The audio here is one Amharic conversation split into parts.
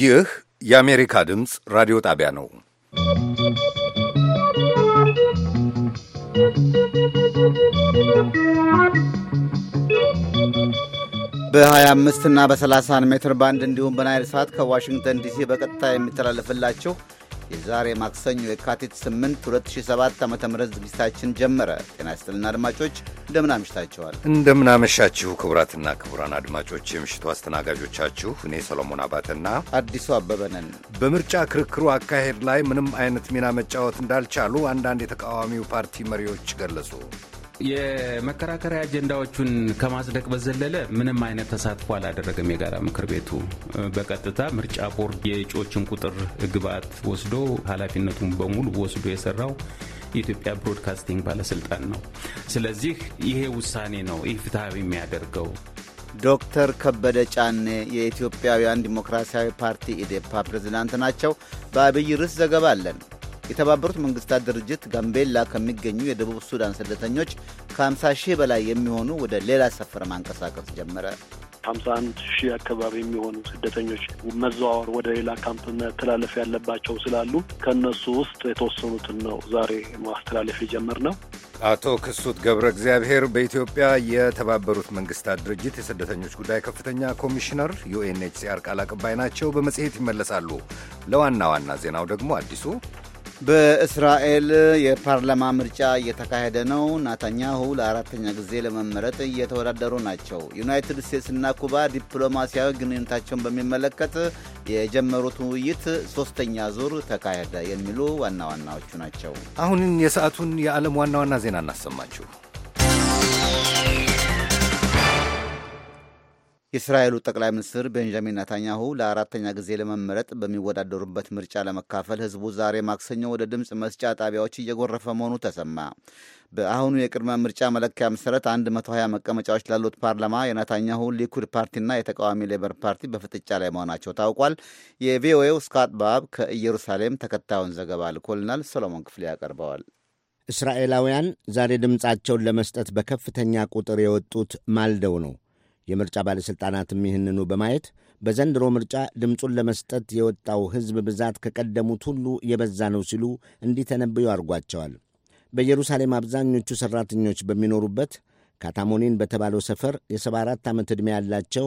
ይህ የአሜሪካ ድምፅ ራዲዮ ጣቢያ ነው። በ25 እና በ30 ሜትር ባንድ እንዲሁም በናይል ሰዓት ከዋሽንግተን ዲሲ በቀጥታ የሚተላለፍላችሁ የዛሬ ማክሰኞ የካቲት 8 2007 ዓ ም ዝግጅታችን ጀመረ። ጤና ይስጥልና አድማጮች እንደምን አምሽታችኋል? እንደምናመሻችሁ ክቡራትና ክቡራን አድማጮች የምሽቱ አስተናጋጆቻችሁ እኔ ሰሎሞን አባተና አዲሱ አበበ ነን። በምርጫ ክርክሩ አካሄድ ላይ ምንም አይነት ሚና መጫወት እንዳልቻሉ አንዳንድ የተቃዋሚው ፓርቲ መሪዎች ገለጹ። የመከራከሪያ አጀንዳዎቹን ከማጽደቅ በዘለለ ምንም አይነት ተሳትፎ አላደረገም። የጋራ ምክር ቤቱ በቀጥታ ምርጫ ቦርድ የእጩዎችን ቁጥር ግብዓት ወስዶ ኃላፊነቱን በሙሉ ወስዶ የሰራው የኢትዮጵያ ብሮድካስቲንግ ባለስልጣን ነው። ስለዚህ ይሄ ውሳኔ ነው ይህ ፍትሐዊ የሚያደርገው። ዶክተር ከበደ ጫኔ የኢትዮጵያውያን ዲሞክራሲያዊ ፓርቲ ኢዴፓ ፕሬዝዳንት ናቸው። በአብይ ርዕስ ዘገባ አለን። የተባበሩት መንግስታት ድርጅት ጋምቤላ ከሚገኙ የደቡብ ሱዳን ስደተኞች ከ50 ሺህ በላይ የሚሆኑ ወደ ሌላ ሰፈር ማንቀሳቀስ ጀመረ። 51 ሺህ አካባቢ የሚሆኑ ስደተኞች መዘዋወር ወደ ሌላ ካምፕ መተላለፍ ያለባቸው ስላሉ ከእነሱ ውስጥ የተወሰኑትን ነው ዛሬ ማስተላለፍ የጀመርነው። አቶ ክሱት ገብረ እግዚአብሔር በኢትዮጵያ የተባበሩት መንግስታት ድርጅት የስደተኞች ጉዳይ ከፍተኛ ኮሚሽነር ዩኤንኤችሲአር ቃል አቀባይ ናቸው። በመጽሔት ይመለሳሉ። ለዋና ዋና ዜናው ደግሞ አዲሱ በእስራኤል የፓርላማ ምርጫ እየተካሄደ ነው። ናታኛሁ ለአራተኛ ጊዜ ለመመረጥ እየተወዳደሩ ናቸው። ዩናይትድ ስቴትስና ኩባ ዲፕሎማሲያዊ ግንኙነታቸውን በሚመለከት የጀመሩት ውይይት ሶስተኛ ዙር ተካሄደ የሚሉ ዋና ዋናዎቹ ናቸው። አሁን የሰዓቱን የዓለም ዋና ዋና ዜና እናሰማችሁ። የእስራኤሉ ጠቅላይ ሚኒስትር ቤንጃሚን ናታንያሁ ለአራተኛ ጊዜ ለመመረጥ በሚወዳደሩበት ምርጫ ለመካፈል ህዝቡ ዛሬ ማክሰኞ ወደ ድምፅ መስጫ ጣቢያዎች እየጎረፈ መሆኑ ተሰማ። በአሁኑ የቅድመ ምርጫ መለኪያ መሰረት 120 መቀመጫዎች ላሉት ፓርላማ የናታንያሁ ሊኩድ ፓርቲና የተቃዋሚ ሌበር ፓርቲ በፍጥጫ ላይ መሆናቸው ታውቋል። የቪኦኤው ስካት ባብ ከኢየሩሳሌም ተከታዩን ዘገባ ልኮልናል። ሰሎሞን ክፍሌ ያቀርበዋል። እስራኤላውያን ዛሬ ድምፃቸውን ለመስጠት በከፍተኛ ቁጥር የወጡት ማልደው ነው። የምርጫ ባለሥልጣናትም ይህንኑ በማየት በዘንድሮ ምርጫ ድምፁን ለመስጠት የወጣው ሕዝብ ብዛት ከቀደሙት ሁሉ የበዛ ነው ሲሉ እንዲተነብዩ አድርጓቸዋል። በኢየሩሳሌም አብዛኞቹ ሠራተኞች በሚኖሩበት ካታሞኒን በተባለው ሰፈር የ74 ዓመት ዕድሜ ያላቸው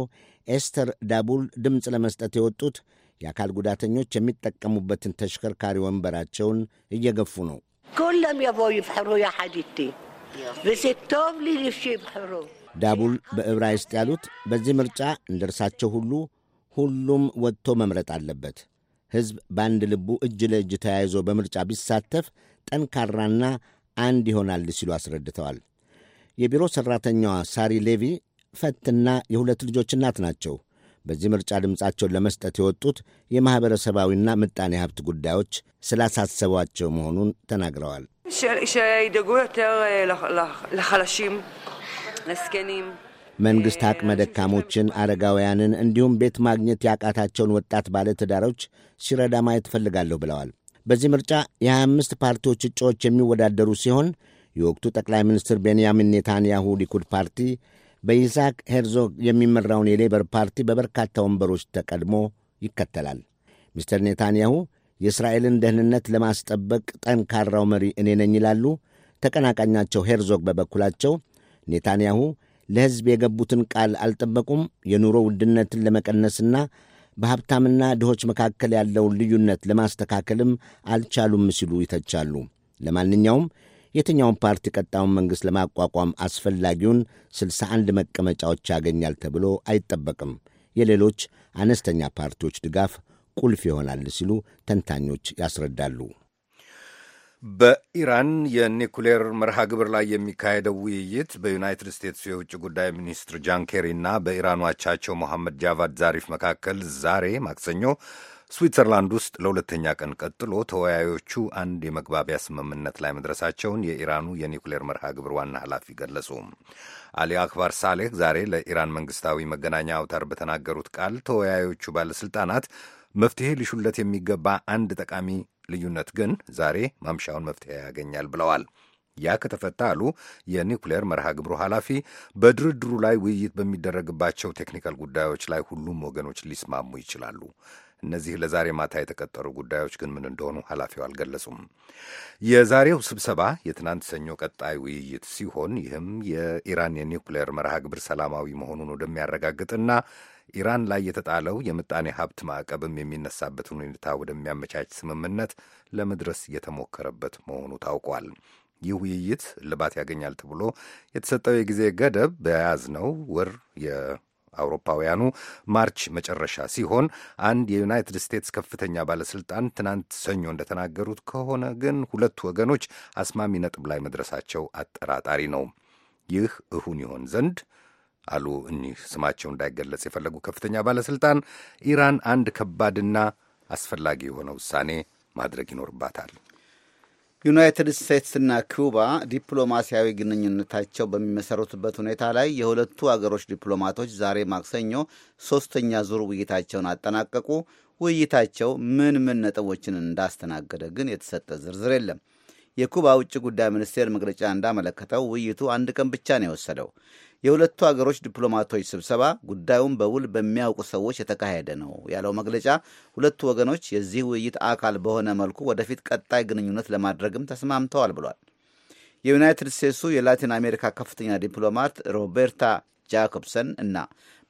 ኤስተር ዳቡል ድምፅ ለመስጠት የወጡት የአካል ጉዳተኞች የሚጠቀሙበትን ተሽከርካሪ ወንበራቸውን እየገፉ ነው። ኩለም የቦ ይብሕሩ ያ ሓዲቲ ብሴቶብ ሊ ዳቡል በዕብራይስጥ ያሉት በዚህ ምርጫ እንደ እርሳቸው ሁሉ ሁሉም ወጥቶ መምረጥ አለበት። ሕዝብ በአንድ ልቡ እጅ ለእጅ ተያይዞ በምርጫ ቢሳተፍ ጠንካራና አንድ ይሆናል ሲሉ አስረድተዋል። የቢሮ ሠራተኛዋ ሳሪ ሌቪ ፈትና የሁለት ልጆች እናት ናቸው። በዚህ ምርጫ ድምፃቸውን ለመስጠት የወጡት የማኅበረሰባዊና ምጣኔ ሀብት ጉዳዮች ስላሳሰቧቸው መሆኑን ተናግረዋል። ለስኬኒም መንግሥት አቅመ ደካሞችን፣ አረጋውያንን እንዲሁም ቤት ማግኘት ያቃታቸውን ወጣት ባለትዳሮች ሲረዳ ማየት እፈልጋለሁ ብለዋል። በዚህ ምርጫ የ25 ፓርቲዎች እጩዎች የሚወዳደሩ ሲሆን የወቅቱ ጠቅላይ ሚኒስትር ቤንያሚን ኔታንያሁ ሊኩድ ፓርቲ በይስሐቅ ሄርዞግ የሚመራውን የሌበር ፓርቲ በበርካታ ወንበሮች ተቀድሞ ይከተላል። ሚስተር ኔታንያሁ የእስራኤልን ደህንነት ለማስጠበቅ ጠንካራው መሪ እኔ ነኝ ይላሉ። ተቀናቃኛቸው ሄርዞግ በበኩላቸው ኔታንያሁ ለሕዝብ የገቡትን ቃል አልጠበቁም። የኑሮ ውድነትን ለመቀነስና በሀብታምና ድሆች መካከል ያለውን ልዩነት ለማስተካከልም አልቻሉም ሲሉ ይተቻሉ። ለማንኛውም የትኛውን ፓርቲ ቀጣዩን መንግሥት ለማቋቋም አስፈላጊውን 61 መቀመጫዎች ያገኛል ተብሎ አይጠበቅም። የሌሎች አነስተኛ ፓርቲዎች ድጋፍ ቁልፍ ይሆናል ሲሉ ተንታኞች ያስረዳሉ። በኢራን የኒኩሌር መርሃ ግብር ላይ የሚካሄደው ውይይት በዩናይትድ ስቴትስ የውጭ ጉዳይ ሚኒስትር ጃን ኬሪና በኢራኑ አቻቸው መሐመድ ጃቫድ ዛሪፍ መካከል ዛሬ ማክሰኞ ስዊትዘርላንድ ውስጥ ለሁለተኛ ቀን ቀጥሎ ተወያዮቹ አንድ የመግባቢያ ስምምነት ላይ መድረሳቸውን የኢራኑ የኒኩሌር መርሃ ግብር ዋና ኃላፊ ገለጹ። አሊ አክባር ሳሌህ ዛሬ ለኢራን መንግስታዊ መገናኛ አውታር በተናገሩት ቃል ተወያዮቹ ባለሥልጣናት መፍትሄ ሊሹለት የሚገባ አንድ ጠቃሚ ልዩነት ግን ዛሬ ማምሻውን መፍትሄ ያገኛል ብለዋል። ያ ከተፈታ አሉ የኒውክሌር መርሃ ግብሩ ኃላፊ፣ በድርድሩ ላይ ውይይት በሚደረግባቸው ቴክኒካል ጉዳዮች ላይ ሁሉም ወገኖች ሊስማሙ ይችላሉ። እነዚህ ለዛሬ ማታ የተቀጠሩ ጉዳዮች ግን ምን እንደሆኑ ኃላፊው አልገለጹም። የዛሬው ስብሰባ የትናንት ሰኞ ቀጣይ ውይይት ሲሆን ይህም የኢራን የኒውክሌር መርሃ ግብር ሰላማዊ መሆኑን ወደሚያረጋግጥና ኢራን ላይ የተጣለው የምጣኔ ሀብት ማዕቀብም የሚነሳበትን ሁኔታ ወደሚያመቻች ስምምነት ለመድረስ የተሞከረበት መሆኑ ታውቋል። ይህ ውይይት እልባት ያገኛል ተብሎ የተሰጠው የጊዜ ገደብ በያዝነው ወር የአውሮፓውያኑ ማርች መጨረሻ ሲሆን አንድ የዩናይትድ ስቴትስ ከፍተኛ ባለስልጣን ትናንት ሰኞ እንደተናገሩት ከሆነ ግን ሁለቱ ወገኖች አስማሚ ነጥብ ላይ መድረሳቸው አጠራጣሪ ነው። ይህ እሁን ይሆን ዘንድ አሉ እኒህ ስማቸው እንዳይገለጽ የፈለጉ ከፍተኛ ባለሥልጣን። ኢራን አንድ ከባድና አስፈላጊ የሆነ ውሳኔ ማድረግ ይኖርባታል። ዩናይትድ ስቴትስና ኩባ ዲፕሎማሲያዊ ግንኙነታቸው በሚመሰረቱበት ሁኔታ ላይ የሁለቱ አገሮች ዲፕሎማቶች ዛሬ ማክሰኞ ሶስተኛ ዙር ውይይታቸውን አጠናቀቁ። ውይይታቸው ምን ምን ነጥቦችን እንዳስተናገደ ግን የተሰጠ ዝርዝር የለም። የኩባ ውጭ ጉዳይ ሚኒስቴር መግለጫ እንዳመለከተው ውይይቱ አንድ ቀን ብቻ ነው የወሰደው። የሁለቱ አገሮች ዲፕሎማቶች ስብሰባ ጉዳዩን በውል በሚያውቁ ሰዎች የተካሄደ ነው ያለው መግለጫ ሁለቱ ወገኖች የዚህ ውይይት አካል በሆነ መልኩ ወደፊት ቀጣይ ግንኙነት ለማድረግም ተስማምተዋል ብሏል። የዩናይትድ ስቴትሱ የላቲን አሜሪካ ከፍተኛ ዲፕሎማት ሮቤርታ ጃኮብሰን እና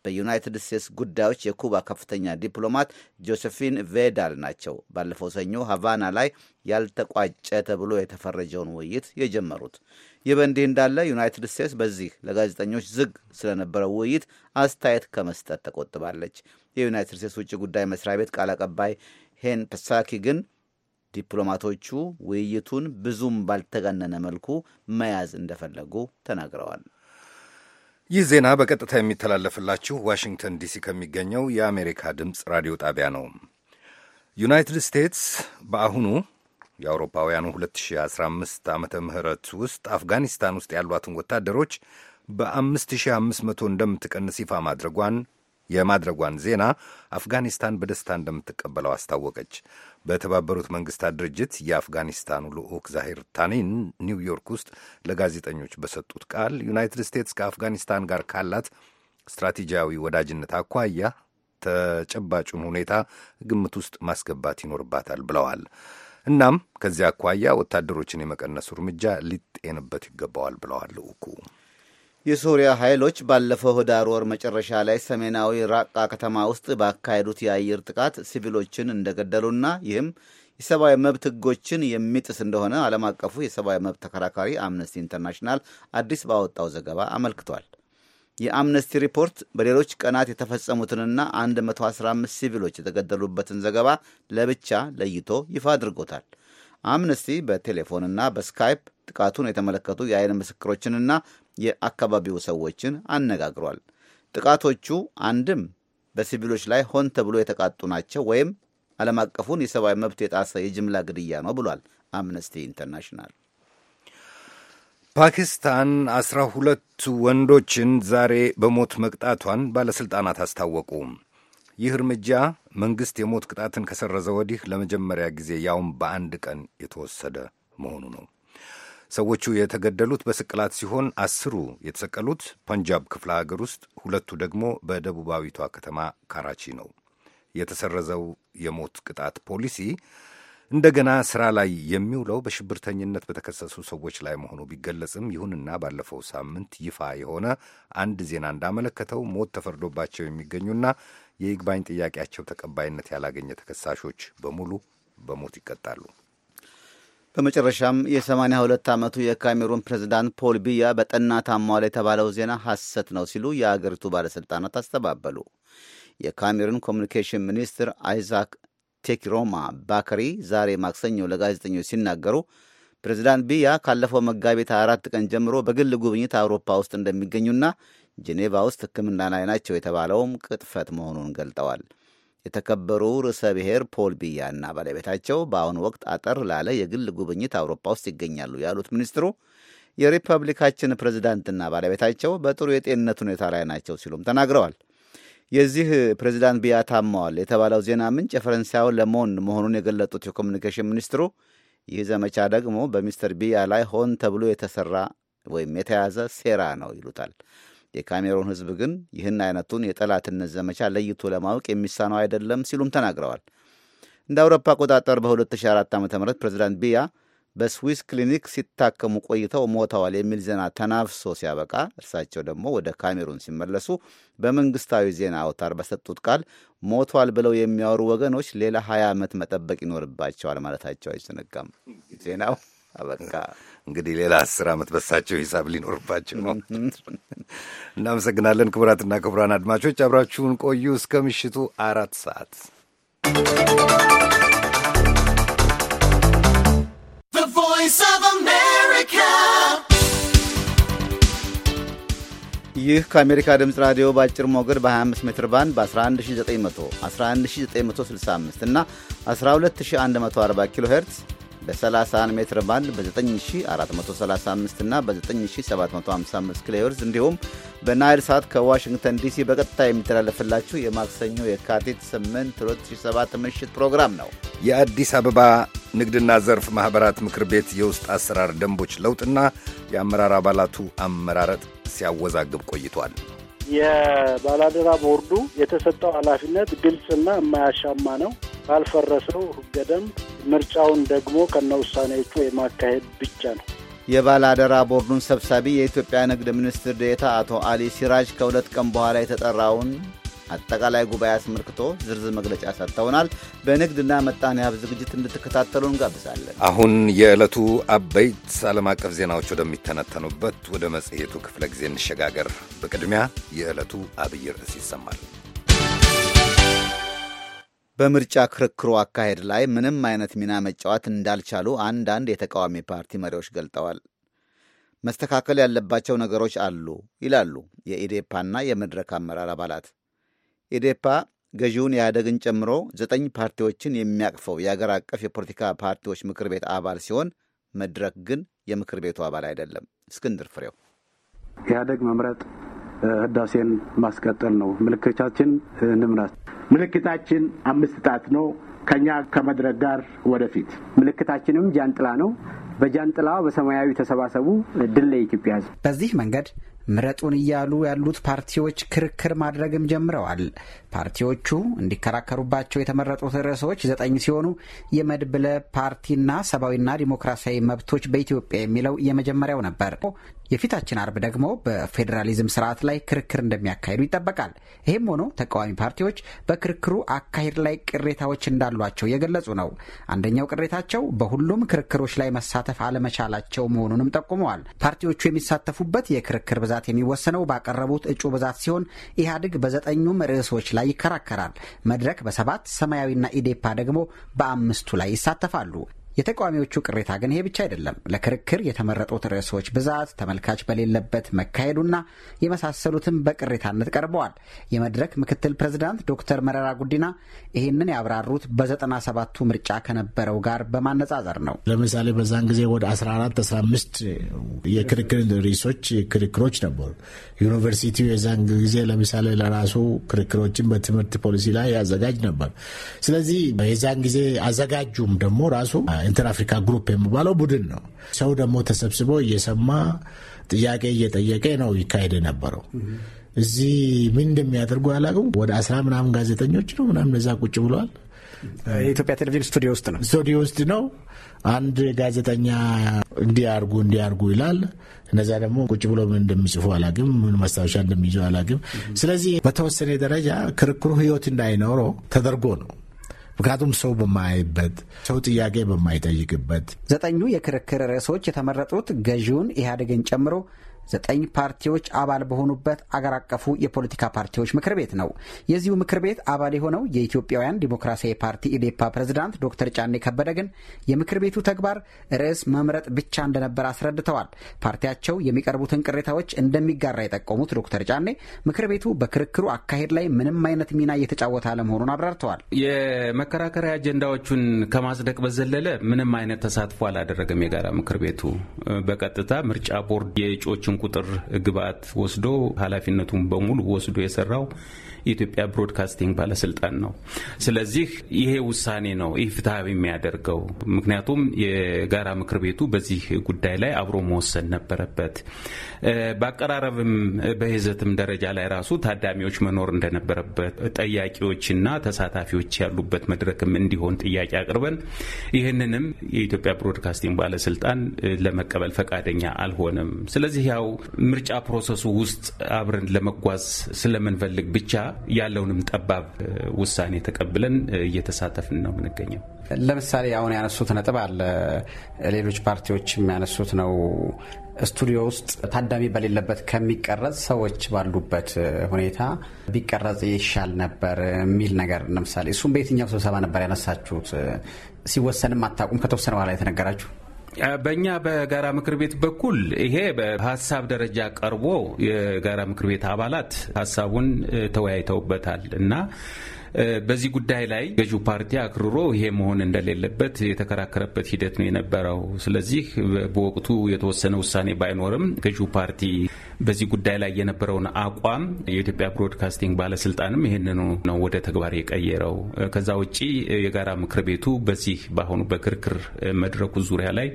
በዩናይትድ ስቴትስ ጉዳዮች የኩባ ከፍተኛ ዲፕሎማት ጆሴፊን ቬዳል ናቸው። ባለፈው ሰኞ ሀቫና ላይ ያልተቋጨ ተብሎ የተፈረጀውን ውይይት የጀመሩት። ይህ በእንዲህ እንዳለ ዩናይትድ ስቴትስ በዚህ ለጋዜጠኞች ዝግ ስለነበረው ውይይት አስተያየት ከመስጠት ተቆጥባለች። የዩናይትድ ስቴትስ ውጭ ጉዳይ መስሪያ ቤት ቃል አቀባይ ሄን ፕሳኪ ግን ዲፕሎማቶቹ ውይይቱን ብዙም ባልተጋነነ መልኩ መያዝ እንደፈለጉ ተናግረዋል። ይህ ዜና በቀጥታ የሚተላለፍላችሁ ዋሽንግተን ዲሲ ከሚገኘው የአሜሪካ ድምፅ ራዲዮ ጣቢያ ነው። ዩናይትድ ስቴትስ በአሁኑ የአውሮፓውያኑ 2015 ዓመተ ምህረት ውስጥ አፍጋኒስታን ውስጥ ያሏትን ወታደሮች በ5500 እንደምትቀንስ ይፋ ማድረጓን የማድረጓን ዜና አፍጋኒስታን በደስታ እንደምትቀበለው አስታወቀች። በተባበሩት መንግስታት ድርጅት የአፍጋኒስታኑ ልዑክ ዛሂር ታኒን ኒውዮርክ ውስጥ ለጋዜጠኞች በሰጡት ቃል ዩናይትድ ስቴትስ ከአፍጋኒስታን ጋር ካላት ስትራቴጂያዊ ወዳጅነት አኳያ ተጨባጩን ሁኔታ ግምት ውስጥ ማስገባት ይኖርባታል ብለዋል። እናም ከዚያ አኳያ ወታደሮችን የመቀነሱ እርምጃ ሊጤንበት ይገባዋል ብለዋል ልዑኩ። የሶሪያ ኃይሎች ባለፈው ህዳር ወር መጨረሻ ላይ ሰሜናዊ ራቃ ከተማ ውስጥ ባካሄዱት የአየር ጥቃት ሲቪሎችን እንደገደሉና ይህም የሰብአዊ መብት ህጎችን የሚጥስ እንደሆነ ዓለም አቀፉ የሰብአዊ መብት ተከራካሪ አምነስቲ ኢንተርናሽናል አዲስ ባወጣው ዘገባ አመልክቷል። የአምነስቲ ሪፖርት በሌሎች ቀናት የተፈጸሙትንና 115 ሲቪሎች የተገደሉበትን ዘገባ ለብቻ ለይቶ ይፋ አድርጎታል። አምነስቲ በቴሌፎንና በስካይፕ ጥቃቱን የተመለከቱ የአይን ምስክሮችንና የአካባቢው ሰዎችን አነጋግሯል። ጥቃቶቹ አንድም በሲቪሎች ላይ ሆን ተብሎ የተቃጡ ናቸው ወይም ዓለም አቀፉን የሰብአዊ መብት የጣሰ የጅምላ ግድያ ነው ብሏል አምነስቲ ኢንተርናሽናል። ፓኪስታን አስራ ሁለት ወንዶችን ዛሬ በሞት መቅጣቷን ባለሥልጣናት አስታወቁ። ይህ እርምጃ መንግሥት የሞት ቅጣትን ከሰረዘ ወዲህ ለመጀመሪያ ጊዜ ያውም በአንድ ቀን የተወሰደ መሆኑ ነው። ሰዎቹ የተገደሉት በስቅላት ሲሆን አስሩ የተሰቀሉት ፐንጃብ ክፍለ ሀገር ውስጥ፣ ሁለቱ ደግሞ በደቡባዊቷ ከተማ ካራቺ ነው። የተሰረዘው የሞት ቅጣት ፖሊሲ እንደገና ስራ ላይ የሚውለው በሽብርተኝነት በተከሰሱ ሰዎች ላይ መሆኑ ቢገለጽም ይሁንና ባለፈው ሳምንት ይፋ የሆነ አንድ ዜና እንዳመለከተው ሞት ተፈርዶባቸው የሚገኙና የይግባኝ ጥያቄያቸው ተቀባይነት ያላገኘ ተከሳሾች በሙሉ በሞት ይቀጣሉ። በመጨረሻም የ82 ዓመቱ የካሜሩን ፕሬዝዳንት ፖል ቢያ በጠና ታሟል የተባለው ዜና ሐሰት ነው ሲሉ የአገሪቱ ባለሥልጣናት አስተባበሉ። የካሜሩን ኮሚኒኬሽን ሚኒስትር አይዛክ ቴክሮማ ባከሪ ዛሬ ማክሰኞ ለጋዜጠኞች ሲናገሩ ፕሬዝዳንት ቢያ ካለፈው መጋቢት አራት ቀን ጀምሮ በግል ጉብኝት አውሮፓ ውስጥ እንደሚገኙና ጄኔቫ ውስጥ ሕክምና ላይ ናቸው የተባለውም ቅጥፈት መሆኑን ገልጠዋል። የተከበሩ ርዕሰ ብሔር ፖል እና ባለቤታቸው በአሁኑ ወቅት አጠር ላለ የግል ጉብኝት አውሮፓ ውስጥ ይገኛሉ ያሉት ሚኒስትሩ የሪፐብሊካችን ፕሬዚዳንትና ባለቤታቸው በጥሩ የጤንነት ሁኔታ ላይ ናቸው ሲሉም ተናግረዋል። የዚህ ፕሬዚዳንት ቢያ ታመዋል የተባለው ዜና ምንጭ የፈረንሳዩ ለሞን መሆኑን የገለጡት የኮሚኒኬሽን ሚኒስትሩ ይህ ዘመቻ ደግሞ በሚስተር ቢያ ላይ ሆን ተብሎ የተሰራ ወይም የተያዘ ሴራ ነው ይሉታል። የካሜሩን ህዝብ ግን ይህን አይነቱን የጠላትነት ዘመቻ ለይቶ ለማወቅ የሚሳነው አይደለም ሲሉም ተናግረዋል። እንደ አውሮፓ አቆጣጠር በ2004 ዓ ም ፕሬዚዳንት ቢያ በስዊስ ክሊኒክ ሲታከሙ ቆይተው ሞተዋል የሚል ዜና ተናፍሶ ሲያበቃ እርሳቸው ደግሞ ወደ ካሜሩን ሲመለሱ በመንግስታዊ ዜና አውታር በሰጡት ቃል ሞቷል ብለው የሚያወሩ ወገኖች ሌላ 20 ዓመት መጠበቅ ይኖርባቸዋል ማለታቸው አይዘነጋም። ዜናው አበቃ። እንግዲህ ሌላ አስር ዓመት በሳቸው ሂሳብ ሊኖርባቸው ነው። እናመሰግናለን። ክቡራትና ክቡራን አድማቾች አብራችሁን ቆዩ እስከ ምሽቱ አራት ሰዓት ይህ ከአሜሪካ ድምፅ ራዲዮ በአጭር ሞገድ በ25 ሜትር ባንድ በ 11911965 እና 12140 ኪሎ ሄርትስ በ31 ሜትር ባንድ በ9435 እና በ9755 ኪሎሄርዝ እንዲሁም በናይል ሳት ከዋሽንግተን ዲሲ በቀጥታ የሚተላለፍላችሁ የማክሰኞ የካቲት 8 2007 ምሽት ፕሮግራም ነው። የአዲስ አበባ ንግድና ዘርፍ ማኅበራት ምክር ቤት የውስጥ አሰራር ደንቦች ለውጥና የአመራር አባላቱ አመራረጥ ሲያወዛግብ ቆይቷል። የባላደራ ቦርዱ የተሰጠው ኃላፊነት ግልጽና የማያሻማ ነው። ባልፈረሰው ሕገ ደንብ ምርጫውን ደግሞ ከነ ውሳኔዎቹ የማካሄድ ብቻ ነው። አደራ ቦርዱን ሰብሳቢ የኢትዮጵያ ንግድ ሚኒስትር ዴታ አቶ አሊ ሲራጅ ከሁለት ቀን በኋላ የተጠራውን አጠቃላይ ጉባኤ አስመልክቶ ዝርዝር መግለጫ ሰጥተውናል። በንግድና መጣኔ ሀብት ዝግጅት እንድትከታተሉ እንጋብዛለን። አሁን የዕለቱ አበይት ዓለም አቀፍ ዜናዎች ወደሚተነተኑበት ወደ መጽሔቱ ክፍለ ጊዜ እንሸጋገር። በቅድሚያ የዕለቱ አብይ ርዕስ ይሰማል። በምርጫ ክርክሩ አካሄድ ላይ ምንም አይነት ሚና መጫወት እንዳልቻሉ አንዳንድ የተቃዋሚ ፓርቲ መሪዎች ገልጠዋል። መስተካከል ያለባቸው ነገሮች አሉ ይላሉ የኢዴፓና የመድረክ አመራር አባላት። ኢዴፓ ገዢውን ኢህአደግን ጨምሮ ዘጠኝ ፓርቲዎችን የሚያቅፈው የአገር አቀፍ የፖለቲካ ፓርቲዎች ምክር ቤት አባል ሲሆን መድረክ ግን የምክር ቤቱ አባል አይደለም። እስክንድር ፍሬው ኢህአደግ መምረጥ ህዳሴን ማስቀጠል ነው። ምልክታችን ንምናስ ምልክታችን አምስት ጣት ነው። ከኛ ከመድረክ ጋር ወደፊት ምልክታችንም ጃንጥላ ነው። በጃንጥላ በሰማያዊ ተሰባሰቡ ድል ለኢትዮጵያ ህዝብ። በዚህ መንገድ ምረጡን እያሉ ያሉት ፓርቲዎች ክርክር ማድረግም ጀምረዋል። ፓርቲዎቹ እንዲከራከሩባቸው የተመረጡት ርዕሶች ዘጠኝ ሲሆኑ የመድብለ ፓርቲና ሰብአዊና ዲሞክራሲያዊ መብቶች በኢትዮጵያ የሚለው የመጀመሪያው ነበር። የፊታችን አርብ ደግሞ በፌዴራሊዝም ስርዓት ላይ ክርክር እንደሚያካሂዱ ይጠበቃል። ይህም ሆኖ ተቃዋሚ ፓርቲዎች በክርክሩ አካሄድ ላይ ቅሬታዎች እንዳሏቸው እየገለጹ ነው። አንደኛው ቅሬታቸው በሁሉም ክርክሮች ላይ መሳተፍ አለመቻላቸው መሆኑንም ጠቁመዋል። ፓርቲዎቹ የሚሳተፉበት የክርክር ብዛት ብዛት የሚወሰነው ባቀረቡት እጩ ብዛት ሲሆን ኢህአዴግ በዘጠኙም ርዕሶች ላይ ይከራከራል። መድረክ በሰባት ሰማያዊና ኢዴፓ ደግሞ በአምስቱ ላይ ይሳተፋሉ። የተቃዋሚዎቹ ቅሬታ ግን ይሄ ብቻ አይደለም። ለክርክር የተመረጡት ርዕሶች ብዛት፣ ተመልካች በሌለበት መካሄዱና የመሳሰሉትም በቅሬታነት ቀርበዋል። የመድረክ ምክትል ፕሬዝዳንት ዶክተር መረራ ጉዲና ይህንን ያብራሩት በዘጠና ሰባቱ ምርጫ ከነበረው ጋር በማነጻጸር ነው። ለምሳሌ በዛን ጊዜ ወደ 14 15 የክርክር ርዕሶች ክርክሮች ነበሩ። ዩኒቨርሲቲው የዛን ጊዜ ለምሳሌ ለራሱ ክርክሮችን በትምህርት ፖሊሲ ላይ ያዘጋጅ ነበር። ስለዚህ የዛን ጊዜ አዘጋጁም ደግሞ ራሱ ኢንተር አፍሪካ ግሩፕ የሚባለው ቡድን ነው። ሰው ደግሞ ተሰብስቦ እየሰማ ጥያቄ እየጠየቀ ነው ይካሄድ የነበረው። እዚህ ምን እንደሚያደርጉ አላውቅም። ወደ አስራ ምናምን ጋዜጠኞች ነው ምናምን እዛ ቁጭ ብለዋል። የኢትዮጵያ ቴሌቪዥን ስቱዲዮ ውስጥ ነው ስቱዲዮ ውስጥ ነው። አንድ ጋዜጠኛ እንዲያርጉ እንዲያርጉ ይላል። እነዛ ደግሞ ቁጭ ብሎ ምን እንደሚጽፉ አላግም፣ ምን ማስታወሻ እንደሚይዘው አላግም። ስለዚህ በተወሰነ ደረጃ ክርክሩ ህይወት እንዳይኖረው ተደርጎ ነው ምክንያቱም ሰው በማያይበት ሰው ጥያቄ በማይጠይቅበት ዘጠኙ የክርክር ርዕሶች የተመረጡት ገዢውን ኢህአዴግን ጨምሮ ዘጠኝ ፓርቲዎች አባል በሆኑበት አገር አቀፉ የፖለቲካ ፓርቲዎች ምክር ቤት ነው። የዚሁ ምክር ቤት አባል የሆነው የኢትዮጵያውያን ዲሞክራሲያዊ ፓርቲ ኢዴፓ ፕሬዝዳንት ዶክተር ጫኔ ከበደ ግን የምክር ቤቱ ተግባር ርዕስ መምረጥ ብቻ እንደነበር አስረድተዋል። ፓርቲያቸው የሚቀርቡትን ቅሬታዎች እንደሚጋራ የጠቆሙት ዶክተር ጫኔ ምክር ቤቱ በክርክሩ አካሄድ ላይ ምንም አይነት ሚና እየተጫወተ አለመሆኑን አብራርተዋል። የመከራከሪያ አጀንዳዎቹን ከማጽደቅ በዘለለ ምንም አይነት ተሳትፎ አላደረገም። የጋራ ምክር ቤቱ በቀጥታ ምርጫ ቦርድ የእጩዎችን ቁጥር ግብዓት ወስዶ ኃላፊነቱን በሙሉ ወስዶ የሰራው የኢትዮጵያ ብሮድካስቲንግ ባለስልጣን ነው። ስለዚህ ይሄ ውሳኔ ነው ይህ ፍትሐዊ የሚያደርገው። ምክንያቱም የጋራ ምክር ቤቱ በዚህ ጉዳይ ላይ አብሮ መወሰን ነበረበት። በአቀራረብም በይዘትም ደረጃ ላይ ራሱ ታዳሚዎች መኖር እንደነበረበት ጠያቂዎችና ተሳታፊዎች ያሉበት መድረክም እንዲሆን ጥያቄ አቅርበን ይህንንም የኢትዮጵያ ብሮድካስቲንግ ባለስልጣን ለመቀበል ፈቃደኛ አልሆነም። ስለዚህ ያው ምርጫ ፕሮሰሱ ውስጥ አብረን ለመጓዝ ስለምንፈልግ ብቻ ያለውንም ጠባብ ውሳኔ ተቀብለን እየተሳተፍን ነው የምንገኘው። ለምሳሌ አሁን ያነሱት ነጥብ አለ፣ ሌሎች ፓርቲዎችም ያነሱት ነው። ስቱዲዮ ውስጥ ታዳሚ በሌለበት ከሚቀረጽ ሰዎች ባሉበት ሁኔታ ቢቀረጽ ይሻል ነበር የሚል ነገር ለምሳሌ እሱም በየትኛው ስብሰባ ነበር ያነሳችሁት? ሲወሰንም አታውቁም? ከተወሰነ በኋላ የተነገራችሁ በእኛ በጋራ ምክር ቤት በኩል ይሄ በሀሳብ ደረጃ ቀርቦ የጋራ ምክር ቤት አባላት ሀሳቡን ተወያይተውበታል እና በዚህ ጉዳይ ላይ ገዢው ፓርቲ አክርሮ ይሄ መሆን እንደሌለበት የተከራከረበት ሂደት ነው የነበረው። ስለዚህ በወቅቱ የተወሰነ ውሳኔ ባይኖርም ገዢው ፓርቲ በዚህ ጉዳይ ላይ የነበረውን አቋም የኢትዮጵያ ብሮድካስቲንግ ባለስልጣንም ይህንኑ ነው ወደ ተግባር የቀየረው። ከዛ ውጭ የጋራ ምክር ቤቱ በዚህ በአሁኑ በክርክር መድረኩ ዙሪያ ላይ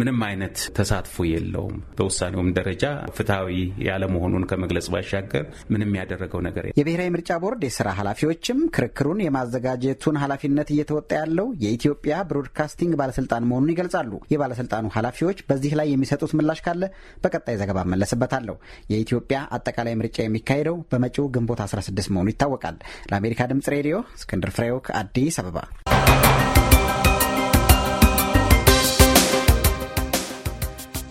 ምንም አይነት ተሳትፎ የለውም። በውሳኔውም ደረጃ ፍትሐዊ ያለመሆኑን ከመግለጽ ባሻገር ምንም ያደረገው ነገር የብሔራዊ ምርጫ ቦርድ የስራ ኃላፊዎችም ክርክሩን የማዘጋጀቱን ኃላፊነት እየተወጣ ያለው የኢትዮጵያ ብሮድካስቲንግ ባለስልጣን መሆኑን ይገልጻሉ። የባለስልጣኑ ኃላፊዎች በዚህ ላይ የሚሰጡት ምላሽ ካለ በቀጣይ ዘገባ እመለስበታለሁ። የኢትዮጵያ አጠቃላይ ምርጫ የሚካሄደው በመጪው ግንቦት 16 መሆኑ ይታወቃል። ለአሜሪካ ድምጽ ሬዲዮ እስክንድር ፍሬው ከአዲስ አበባ።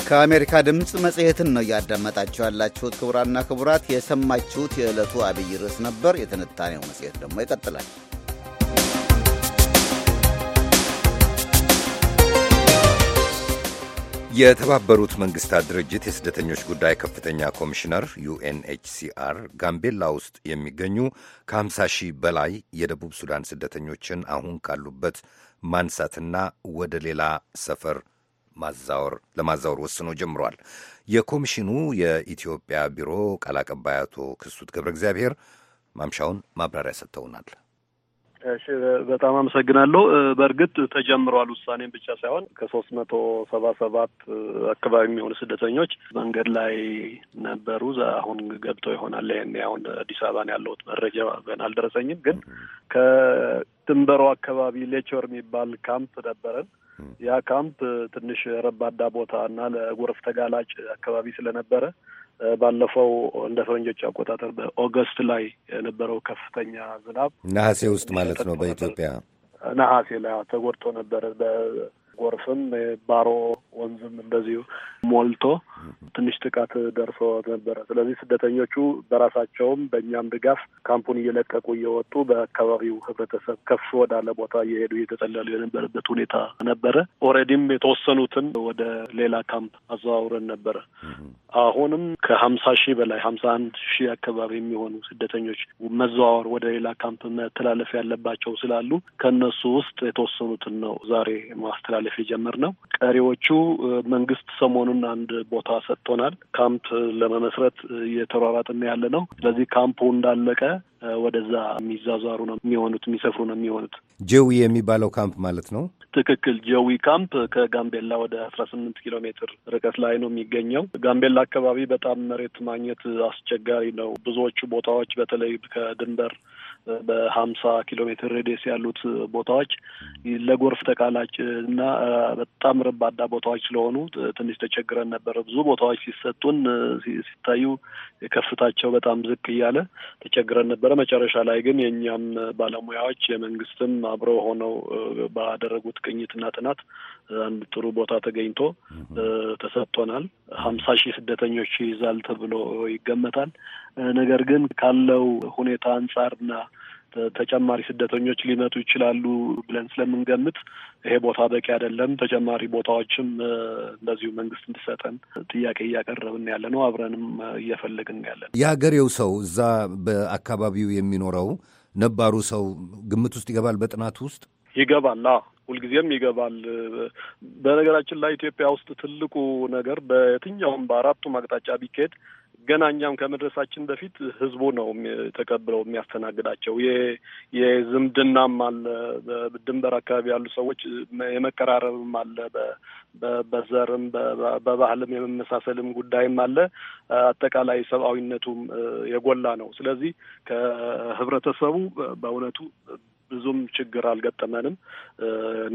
ከአሜሪካ ድምፅ መጽሔትን ነው እያዳመጣችሁ ያላችሁት። ክቡራና ክቡራት የሰማችሁት የዕለቱ አብይ ርዕስ ነበር። የትንታኔው መጽሔት ደግሞ ይቀጥላል። የተባበሩት መንግስታት ድርጅት የስደተኞች ጉዳይ ከፍተኛ ኮሚሽነር ዩኤንኤችሲአር ጋምቤላ ውስጥ የሚገኙ ከ50 ሺህ በላይ የደቡብ ሱዳን ስደተኞችን አሁን ካሉበት ማንሳትና ወደ ሌላ ሰፈር ማዛወር ለማዛወር ወስኖ ጀምሯል። የኮሚሽኑ የኢትዮጵያ ቢሮ ቃል አቀባይ አቶ ክሱት ገብረ እግዚአብሔር ማምሻውን ማብራሪያ ሰጥተውናል። እሺ በጣም አመሰግናለሁ። በእርግጥ ተጀምሯል ውሳኔም ብቻ ሳይሆን ከሶስት መቶ ሰባ ሰባት አካባቢ የሚሆኑ ስደተኞች መንገድ ላይ ነበሩ። አሁን ገብተው ይሆናል። ይሄን አሁን አዲስ አበባ ነው ያለሁት። መረጃ ገና አልደረሰኝም። ግን ከድንበሮ አካባቢ ሌቸር የሚባል ካምፕ ነበረን። ያ ካምፕ ትንሽ ረባዳ ቦታ እና ለጎርፍ ተጋላጭ አካባቢ ስለነበረ ባለፈው እንደ ፈረንጆች አቆጣጠር በኦገስት ላይ የነበረው ከፍተኛ ዝናብ ነሐሴ ውስጥ ማለት ነው በኢትዮጵያ ነሐሴ ላይ ተጎድቶ ነበረ። በጎርፍም ባሮ ወንዝም እንደዚሁ ሞልቶ ትንሽ ጥቃት ደርሶ ነበረ። ስለዚህ ስደተኞቹ በራሳቸውም በእኛም ድጋፍ ካምፑን እየለቀቁ እየወጡ በአካባቢው ህብረተሰብ ከፍ ወዳለ ቦታ እየሄዱ እየተጠለሉ የነበረበት ሁኔታ ነበረ። ኦልሬዲም የተወሰኑትን ወደ ሌላ ካምፕ አዘዋውረን ነበረ። አሁንም ከሀምሳ ሺህ በላይ ሀምሳ አንድ ሺህ አካባቢ የሚሆኑ ስደተኞች መዘዋወር ወደ ሌላ ካምፕ መተላለፍ ያለባቸው ስላሉ ከእነሱ ውስጥ የተወሰኑትን ነው ዛሬ ማስተላለፍ የጀመርነው። ቀሪዎቹ መንግስት ሰሞኑን አንድ ቦታ ሰጥቶናል። ካምፕ ለመመስረት እየተሯሯጥን ያለ ነው። ስለዚህ ካምፑ እንዳለቀ ወደዛ የሚዛዛሩ ነው የሚሆኑት፣ የሚሰፍሩ ነው የሚሆኑት። ጀዊ የሚባለው ካምፕ ማለት ነው። ትክክል። ጀዊ ካምፕ ከጋምቤላ ወደ አስራ ስምንት ኪሎ ሜትር ርቀት ላይ ነው የሚገኘው። ጋምቤላ አካባቢ በጣም መሬት ማግኘት አስቸጋሪ ነው። ብዙዎቹ ቦታዎች በተለይ ከድንበር በሀምሳ ኪሎ ሜትር ሬዲየስ ያሉት ቦታዎች ለጎርፍ ተቃላጭ እና በጣም ረባዳ ቦታዎች ስለሆኑ ትንሽ ተቸግረን ነበረ። ብዙ ቦታዎች ሲሰጡን ሲታዩ ከፍታቸው በጣም ዝቅ እያለ ተቸግረን ነበረ። መጨረሻ ላይ ግን የእኛም ባለሙያዎች የመንግስትም አብረው ሆነው ባደረጉት ቅኝትና ጥናት አንድ ጥሩ ቦታ ተገኝቶ ተሰጥቶናል። ሀምሳ ሺህ ስደተኞች ይይዛል ተብሎ ይገመታል። ነገር ግን ካለው ሁኔታ አንጻርና ተጨማሪ ስደተኞች ሊመጡ ይችላሉ ብለን ስለምንገምት ይሄ ቦታ በቂ አይደለም። ተጨማሪ ቦታዎችም እንደዚሁ መንግስት እንዲሰጠን ጥያቄ እያቀረብን ያለ ነው። አብረንም እየፈለግን ያለ ነው። የሀገሬው ሰው እዛ በአካባቢው የሚኖረው ነባሩ ሰው ግምት ውስጥ ይገባል በጥናት ውስጥ ይገባል። ሁልጊዜም ይገባል። በነገራችን ላይ ኢትዮጵያ ውስጥ ትልቁ ነገር በየትኛውም በአራቱም አቅጣጫ ቢካሄድ ገና እኛም ከመድረሳችን በፊት ህዝቡ ነው ተቀብለው የሚያስተናግዳቸው። የዝምድናም አለ፣ በድንበር አካባቢ ያሉ ሰዎች የመቀራረብም አለ፣ በዘርም በባህልም የመመሳሰልም ጉዳይም አለ። አጠቃላይ ሰብአዊነቱም የጎላ ነው። ስለዚህ ከህብረተሰቡ በእውነቱ ብዙም ችግር አልገጠመንም።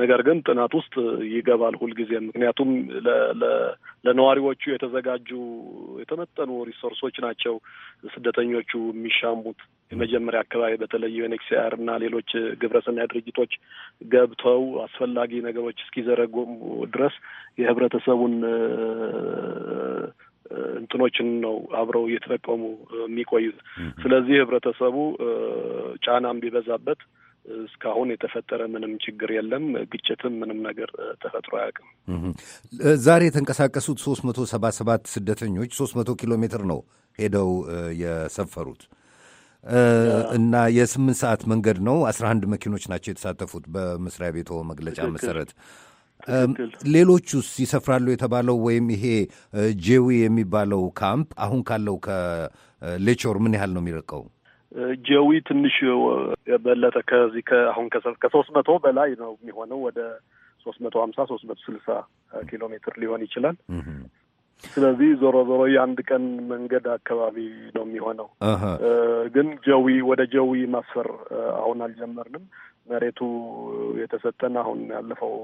ነገር ግን ጥናት ውስጥ ይገባል ሁልጊዜ። ምክንያቱም ለነዋሪዎቹ የተዘጋጁ የተመጠኑ ሪሶርሶች ናቸው ስደተኞቹ የሚሻሙት። የመጀመሪያ አካባቢ በተለይ ዩኤንኤችሲአር እና ሌሎች ግብረሰናይ ድርጅቶች ገብተው አስፈላጊ ነገሮች እስኪዘረጉም ድረስ የህብረተሰቡን እንትኖችን ነው አብረው እየተጠቀሙ የሚቆዩት። ስለዚህ ህብረተሰቡ ጫናም ቢበዛበት እስካሁን የተፈጠረ ምንም ችግር የለም። ግጭትም ምንም ነገር ተፈጥሮ አያውቅም። ዛሬ የተንቀሳቀሱት ሶስት መቶ ሰባ ሰባት ስደተኞች ሶስት መቶ ኪሎ ሜትር ነው ሄደው የሰፈሩት እና የስምንት ሰዓት መንገድ ነው። አስራ አንድ መኪኖች ናቸው የተሳተፉት በመስሪያ ቤቶ መግለጫ መሰረት። ሌሎቹስ ይሰፍራሉ የተባለው ወይም ይሄ ጄዊ የሚባለው ካምፕ አሁን ካለው ከሌቾር ምን ያህል ነው የሚርቀው? ጀዊ ትንሽ የበለጠ ከዚህ አሁን ከሶስት መቶ በላይ ነው የሚሆነው ወደ ሶስት መቶ ሀምሳ ሶስት መቶ ስልሳ ኪሎ ሜትር ሊሆን ይችላል። ስለዚህ ዞሮ ዞሮ የአንድ ቀን መንገድ አካባቢ ነው የሚሆነው። ግን ጀዊ ወደ ጀዊ ማስፈር አሁን አልጀመርንም። መሬቱ የተሰጠን አሁን ያለፈው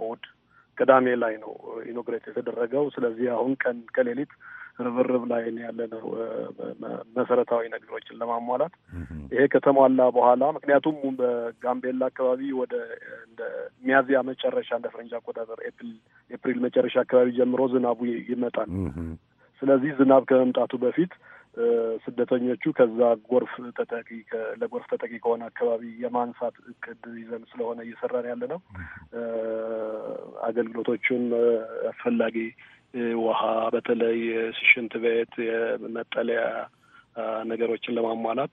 እሁድ ቅዳሜ ላይ ነው ኢኖግሬት የተደረገው። ስለዚህ አሁን ቀን ከሌሊት ርብርብ ላይ ያለ ነው መሰረታዊ ነገሮችን ለማሟላት። ይሄ ከተሟላ በኋላ ምክንያቱም በጋምቤላ አካባቢ ወደ እንደ ሚያዝያ መጨረሻ እንደ ፈረንጅ አቆጣጠር ኤፕሪል ኤፕሪል መጨረሻ አካባቢ ጀምሮ ዝናቡ ይመጣል። ስለዚህ ዝናብ ከመምጣቱ በፊት ስደተኞቹ ከዛ ጎርፍ ተጠቂ ለጎርፍ ተጠቂ ከሆነ አካባቢ የማንሳት እቅድ ይዘን ስለሆነ እየሰራን ያለ ነው። አገልግሎቶቹን አስፈላጊ ውሃ፣ በተለይ ሽንት ቤት፣ የመጠለያ ነገሮችን ለማሟላት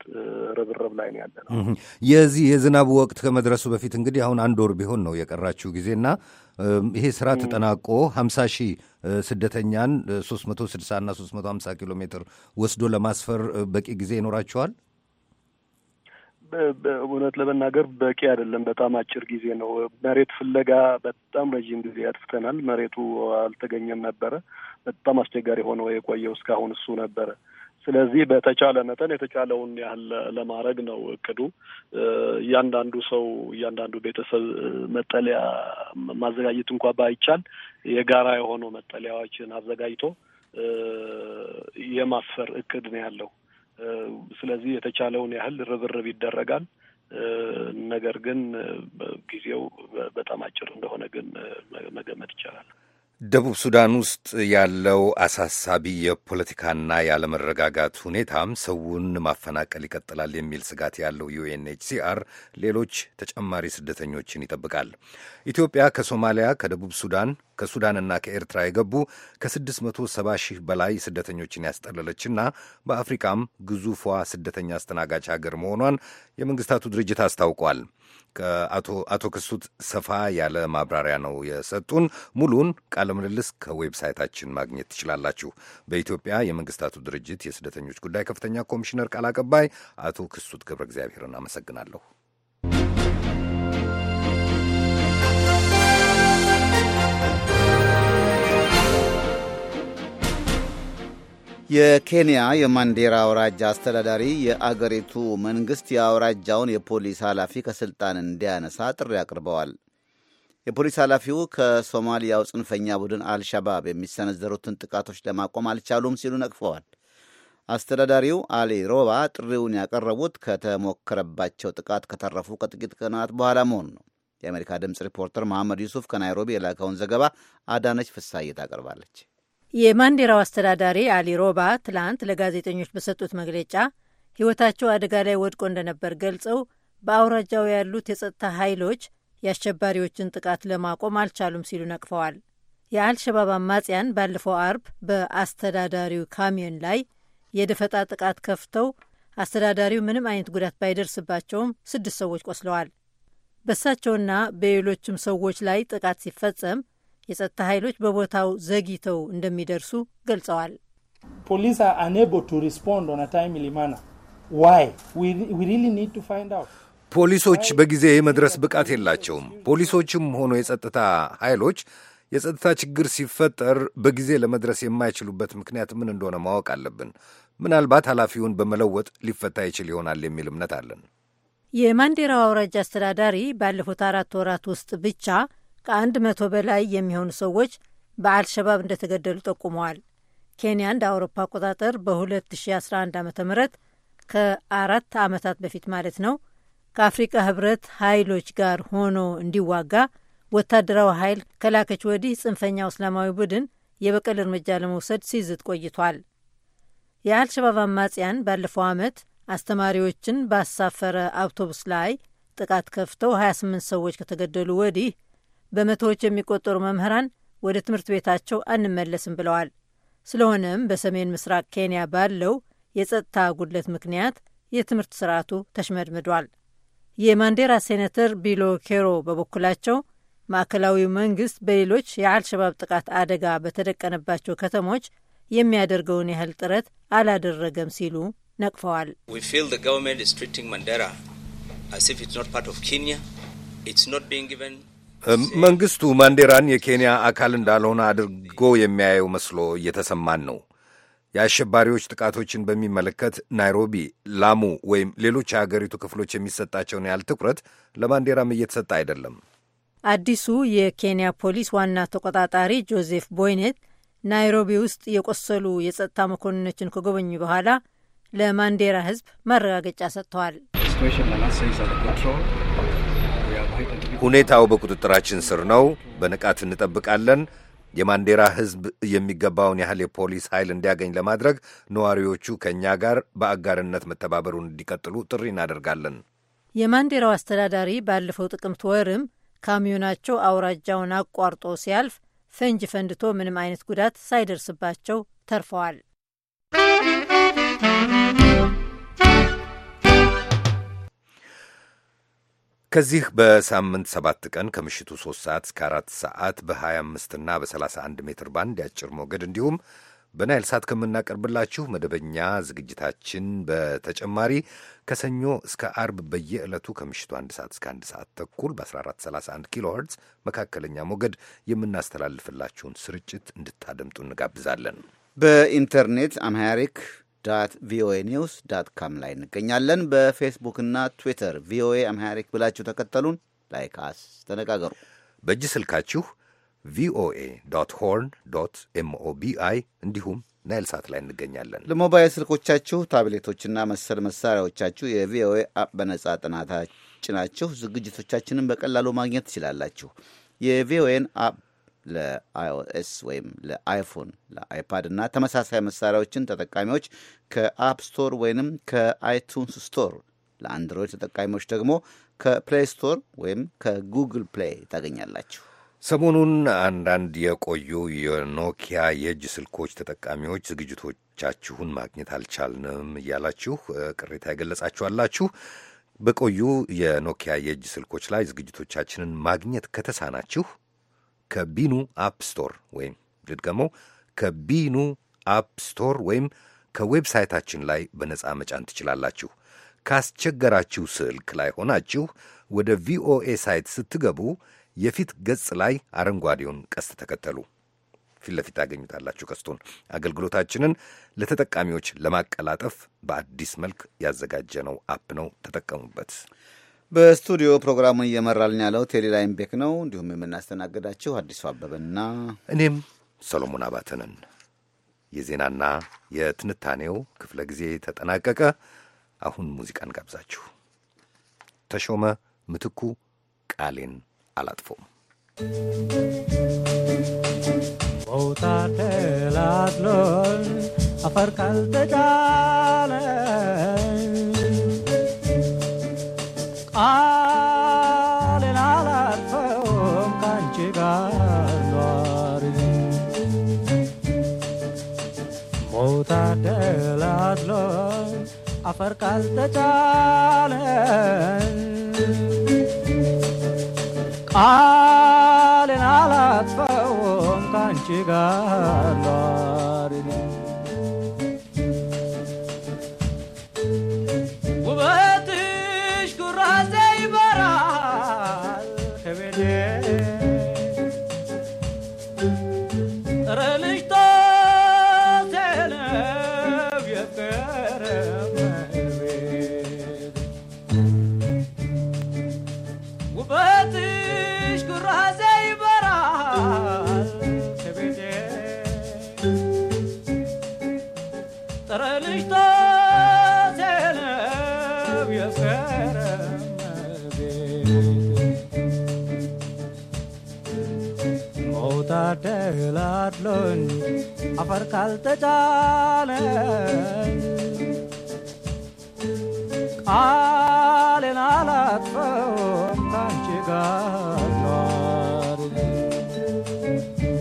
ርብርብ ላይ ነው ያለ ነው። የዚህ የዝናቡ ወቅት ከመድረሱ በፊት እንግዲህ አሁን አንድ ወር ቢሆን ነው የቀራችው ጊዜና ይሄ ስራ ተጠናቆ 50 ሺህ ስደተኛን 360 እና ሀምሳ ኪሎ ሜትር ወስዶ ለማስፈር በቂ ጊዜ ይኖራቸዋል። እውነት ለመናገር በቂ አይደለም። በጣም አጭር ጊዜ ነው። መሬት ፍለጋ በጣም ረዥም ጊዜ አጥፍተናል። መሬቱ አልተገኘም ነበረ። በጣም አስቸጋሪ ሆነው የቆየው እስካሁን እሱ ነበረ። ስለዚህ በተቻለ መጠን የተቻለውን ያህል ለማድረግ ነው እቅዱ። እያንዳንዱ ሰው እያንዳንዱ ቤተሰብ መጠለያ ማዘጋጀት እንኳ ባይቻል የጋራ የሆኑ መጠለያዎችን አዘጋጅቶ የማስፈር እቅድ ነው ያለው። ስለዚህ የተቻለውን ያህል ርብርብ ይደረጋል። ነገር ግን ጊዜው በጣም አጭር እንደሆነ ግን መገመት ይቻላል። ደቡብ ሱዳን ውስጥ ያለው አሳሳቢ የፖለቲካና ያለመረጋጋት ሁኔታም ሰውን ማፈናቀል ይቀጥላል የሚል ስጋት ያለው ዩኤንኤችሲአር ሌሎች ተጨማሪ ስደተኞችን ይጠብቃል። ኢትዮጵያ ከሶማሊያ፣ ከደቡብ ሱዳን፣ ከሱዳንና ከኤርትራ የገቡ ከ670 ሺህ በላይ ስደተኞችን ያስጠለለችና በአፍሪካም ግዙፏ ስደተኛ አስተናጋጅ ሀገር መሆኗን የመንግስታቱ ድርጅት አስታውቋል። ከአቶ ክሱት ሰፋ ያለ ማብራሪያ ነው የሰጡን ሙሉን ቃለ ምልልስ ከዌብሳይታችን ማግኘት ትችላላችሁ። በኢትዮጵያ የመንግስታቱ ድርጅት የስደተኞች ጉዳይ ከፍተኛ ኮሚሽነር ቃል አቀባይ አቶ ክሱት ገብረ እግዚአብሔርን አመሰግናለሁ። የኬንያ የማንዴራ አውራጃ አስተዳዳሪ የአገሪቱ መንግስት የአውራጃውን የፖሊስ ኃላፊ ከሥልጣን እንዲያነሳ ጥሪ አቅርበዋል። የፖሊስ ኃላፊው ከሶማሊያው ጽንፈኛ ቡድን አልሻባብ የሚሰነዘሩትን ጥቃቶች ለማቆም አልቻሉም ሲሉ ነቅፈዋል። አስተዳዳሪው አሊ ሮባ ጥሪውን ያቀረቡት ከተሞከረባቸው ጥቃት ከተረፉ ከጥቂት ቀናት በኋላ መሆኑ ነው። የአሜሪካ ድምፅ ሪፖርተር መሐመድ ዩሱፍ ከናይሮቢ የላከውን ዘገባ አዳነች ፍሳይ ታቀርባለች። የማንዴራው አስተዳዳሪ አሊ ሮባ ትላንት ለጋዜጠኞች በሰጡት መግለጫ ሕይወታቸው አደጋ ላይ ወድቆ እንደነበር ገልጸው በአውራጃው ያሉት የጸጥታ ኃይሎች የአሸባሪዎችን ጥቃት ለማቆም አልቻሉም ሲሉ ነቅፈዋል። የአልሸባብ አማጽያን ባለፈው አርብ በአስተዳዳሪው ካሚዮን ላይ የደፈጣ ጥቃት ከፍተው አስተዳዳሪው ምንም አይነት ጉዳት ባይደርስባቸውም ስድስት ሰዎች ቆስለዋል። በእሳቸውና በሌሎችም ሰዎች ላይ ጥቃት ሲፈጸም የጸጥታ ኃይሎች በቦታው ዘግይተው እንደሚደርሱ ገልጸዋል። ፖሊስ አር አኔብል ቱ ሪስፖንድ ኦን አ ታይምሊ ማነር ዋይ ዊ ሪሊ ኒድ ቱ ፋይንድ አውት ፖሊሶች በጊዜ የመድረስ ብቃት የላቸውም። ፖሊሶችም ሆኑ የጸጥታ ኃይሎች የጸጥታ ችግር ሲፈጠር በጊዜ ለመድረስ የማይችሉበት ምክንያት ምን እንደሆነ ማወቅ አለብን። ምናልባት ኃላፊውን በመለወጥ ሊፈታ ይችል ይሆናል የሚል እምነት አለን። የማንዴራ አውራጃ አስተዳዳሪ ባለፉት አራት ወራት ውስጥ ብቻ ከአንድ መቶ በላይ የሚሆኑ ሰዎች በአልሸባብ እንደተገደሉ ጠቁመዋል። ኬንያ እንደ አውሮፓ አቆጣጠር በ2011 ዓ ም ከአራት ዓመታት በፊት ማለት ነው ከአፍሪቃ ህብረት ኃይሎች ጋር ሆኖ እንዲዋጋ ወታደራዊ ኃይል ከላከች ወዲህ ጽንፈኛው እስላማዊ ቡድን የበቀል እርምጃ ለመውሰድ ሲዝት ቆይቷል። የአልሸባብ አማጽያን ባለፈው ዓመት አስተማሪዎችን ባሳፈረ አውቶቡስ ላይ ጥቃት ከፍተው 28 ሰዎች ከተገደሉ ወዲህ በመቶዎች የሚቆጠሩ መምህራን ወደ ትምህርት ቤታቸው አንመለስም ብለዋል። ስለሆነም በሰሜን ምስራቅ ኬንያ ባለው የጸጥታ ጉድለት ምክንያት የትምህርት ስርዓቱ ተሽመድምዷል። የማንዴራ ሴኔተር ቢሎ ኬሮ በበኩላቸው ማዕከላዊው መንግስት በሌሎች የአልሸባብ ጥቃት አደጋ በተደቀነባቸው ከተሞች የሚያደርገውን ያህል ጥረት አላደረገም ሲሉ ነቅፈዋል። መንግስቱ ማንዴራን የኬንያ አካል እንዳልሆነ አድርጎ የሚያየው መስሎ እየተሰማን ነው። የአሸባሪዎች ጥቃቶችን በሚመለከት ናይሮቢ፣ ላሙ ወይም ሌሎች የሀገሪቱ ክፍሎች የሚሰጣቸውን ያህል ትኩረት ለማንዴራም እየተሰጠ አይደለም። አዲሱ የኬንያ ፖሊስ ዋና ተቆጣጣሪ ጆዜፍ ቦይኔት ናይሮቢ ውስጥ የቆሰሉ የጸጥታ መኮንኖችን ከጎበኙ በኋላ ለማንዴራ ሕዝብ ማረጋገጫ ሰጥተዋል። ሁኔታው በቁጥጥራችን ስር ነው፣ በንቃት እንጠብቃለን የማንዴራ ሕዝብ የሚገባውን ያህል የፖሊስ ኃይል እንዲያገኝ ለማድረግ ነዋሪዎቹ ከእኛ ጋር በአጋርነት መተባበሩን እንዲቀጥሉ ጥሪ እናደርጋለን። የማንዴራው አስተዳዳሪ ባለፈው ጥቅምት ወርም ካሚዮናቸው አውራጃውን አቋርጦ ሲያልፍ ፈንጅ ፈንድቶ ምንም አይነት ጉዳት ሳይደርስባቸው ተርፈዋል። ከዚህ በሳምንት ሰባት ቀን ከምሽቱ ሶስት ሰዓት እስከ 4 ሰዓት በ25 እና በ31 ሜትር ባንድ የአጭር ሞገድ እንዲሁም በናይል ሳት ከምናቀርብላችሁ መደበኛ ዝግጅታችን በተጨማሪ ከሰኞ እስከ አርብ በየዕለቱ ከምሽቱ አንድ ሰዓት እስከ አንድ ሰዓት ተኩል በ1431 ኪሎ ኸርትዝ መካከለኛ ሞገድ የምናስተላልፍላችሁን ስርጭት እንድታደምጡ እንጋብዛለን። በኢንተርኔት አምሃሪክ ዳት ቪኦኤ ኒውስ ዳት ካም ላይ እንገኛለን። በፌስቡክና ትዊተር ቪኦኤ አምሃሪክ ብላችሁ ተከተሉን፣ ላይክ አስ፣ ተነጋገሩ። በእጅ ስልካችሁ ቪኦኤ ዶት ሆርን ዶት ኤምኦቢአይ እንዲሁም ናይል ሳት ላይ እንገኛለን። ለሞባይል ስልኮቻችሁ ታብሌቶችና መሰል መሳሪያዎቻችሁ የቪኦኤ አፕ በነጻ ጥናታ ጭናችሁ ዝግጅቶቻችንን በቀላሉ ማግኘት ትችላላችሁ። የቪኦኤን አፕ ለአይኦኤስ ወይም ለአይፎን ለአይፓድ እና ተመሳሳይ መሳሪያዎችን ተጠቃሚዎች ከአፕ ስቶር ወይንም ከአይቱንስ ስቶር ለአንድሮይድ ተጠቃሚዎች ደግሞ ከፕሌይ ስቶር ወይም ከጉግል ፕሌይ ታገኛላችሁ። ሰሞኑን አንዳንድ የቆዩ የኖኪያ የእጅ ስልኮች ተጠቃሚዎች ዝግጅቶቻችሁን ማግኘት አልቻልንም እያላችሁ ቅሬታ የገለጻችኋላችሁ። በቆዩ የኖኪያ የእጅ ስልኮች ላይ ዝግጅቶቻችንን ማግኘት ከተሳናችሁ ከቢኑ አፕ ስቶር ወይም ልድገመው፣ ከቢኑ አፕ ስቶር ወይም ከዌብሳይታችን ላይ በነጻ መጫን ትችላላችሁ። ካስቸገራችሁ ስልክ ላይ ሆናችሁ ወደ ቪኦኤ ሳይት ስትገቡ የፊት ገጽ ላይ አረንጓዴውን ቀስት ተከተሉ። ፊት ለፊት ያገኙታላችሁ ቀስቱን። አገልግሎታችንን ለተጠቃሚዎች ለማቀላጠፍ በአዲስ መልክ ያዘጋጀነው አፕ ነው። ተጠቀሙበት። በስቱዲዮ ፕሮግራሙን እየመራልን ያለው ቴሌ ቤክ ነው። እንዲሁም የምናስተናግዳችሁ አዲሱ አበበና እኔም ሰሎሞን አባተንን። የዜናና የትንታኔው ክፍለ ጊዜ ተጠናቀቀ። አሁን ሙዚቃን ጋብዛችሁ ተሾመ ምትኩ ቃሌን አላጥፎም ቦታ ተላትሎል አፈር አስሎ አፈር ካልተቻለ ቃልን አላጥፈውም ካንቺ ጋር ቢሆን አፈር ካልተጫነ ቃሌን አላጥፈውም ካንቺ ጋር ኗሪ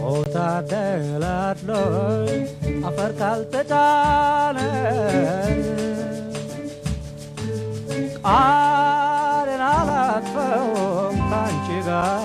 ሞታደል አፈር ካልተጫነ ቃሌን አላጥፈውም ካንቺ ጋር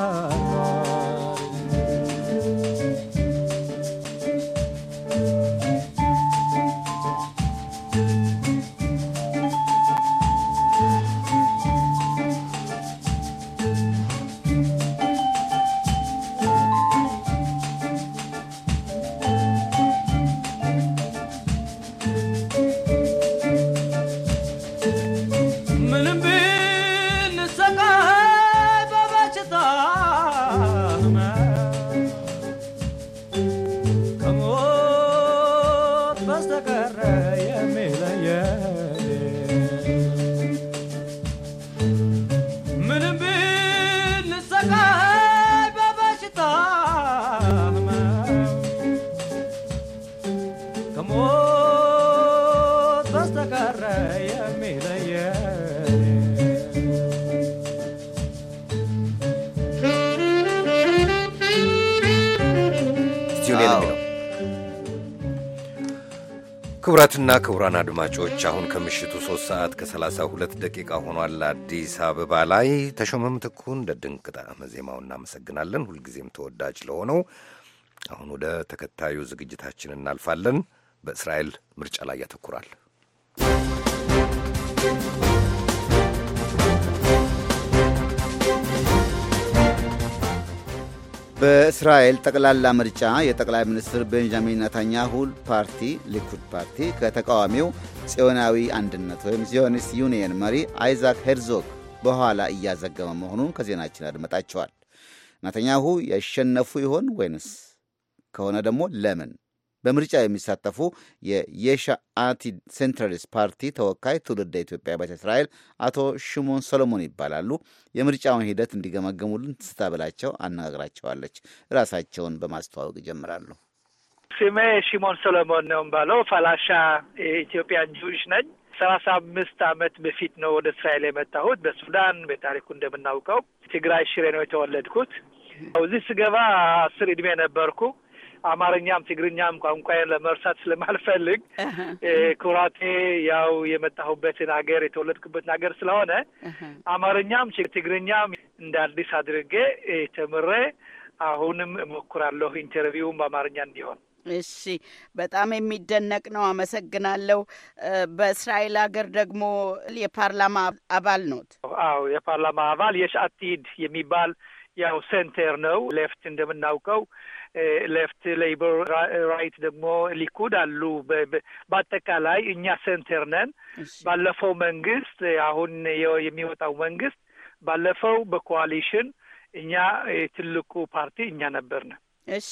ክቡራትና ክቡራን አድማጮች አሁን ከምሽቱ 3 ሰዓት ከ ሁለት ደቂቃ ሆኗል። አዲስ አበባ ላይ ተሾመም ትኩን ለድንቅ ጣዕመ ዜማው እናመሰግናለን። ሁልጊዜም ተወዳጅ ለሆነው አሁን ወደ ተከታዩ ዝግጅታችን እናልፋለን። በእስራኤል ምርጫ ላይ ያተኩራል። በእስራኤል ጠቅላላ ምርጫ የጠቅላይ ሚኒስትር ቤንጃሚን ነታንያሁ ፓርቲ ሊኩድ ፓርቲ ከተቃዋሚው ጽዮናዊ አንድነት ወይም ዚዮኒስት ዩኒየን መሪ አይዛክ ሄርዞግ በኋላ እያዘገመ መሆኑን ከዜናችን አድመጣቸዋል። ነታንያሁ ያሸነፉ ይሆን ወይንስ ከሆነ ደግሞ ለምን? በምርጫ የሚሳተፉ የየሻአቲ ሴንትራሊስት ፓርቲ ተወካይ ትውልደ ኢትዮጵያ ቤተ እስራኤል አቶ ሽሞን ሰሎሞን ይባላሉ። የምርጫውን ሂደት እንዲገመገሙልን ትስታ ብላቸው አነጋግራቸዋለች። ራሳቸውን በማስተዋወቅ ይጀምራሉ። ስሜ ሽሞን ሰሎሞን ነው ባለው ፈላሻ የኢትዮጵያን ጁዊሽ ነኝ። ሰላሳ አምስት ዓመት በፊት ነው ወደ እስራኤል የመጣሁት። በሱዳን በታሪኩ እንደምናውቀው ትግራይ ሽሬ ነው የተወለድኩት። እዚህ ስገባ አስር እድሜ ነበርኩ። አማርኛም ትግርኛም ቋንቋዬን ለመርሳት ስለማልፈልግ ኩራቴ ያው የመጣሁበትን ሀገር የተወለድኩበትን ሀገር ስለሆነ አማርኛም ትግርኛም እንደ አዲስ አድርጌ ተምሬ አሁንም እሞክራለሁ ኢንተርቪውም በአማርኛ እንዲሆን። እሺ፣ በጣም የሚደነቅ ነው። አመሰግናለሁ። በእስራኤል ሀገር ደግሞ የፓርላማ አባል ኖት? አዎ፣ የፓርላማ አባል የሻአቲድ የሚባል ያው ሴንተር ነው። ሌፍት እንደምናውቀው ሌፍት ሌበር ራይት ደግሞ ሊኩድ አሉ። በአጠቃላይ እኛ ሴንተር ነን። ባለፈው መንግስት አሁን የሚወጣው መንግስት ባለፈው በኮዋሊሽን እኛ ትልቁ ፓርቲ እኛ ነበርን። እሺ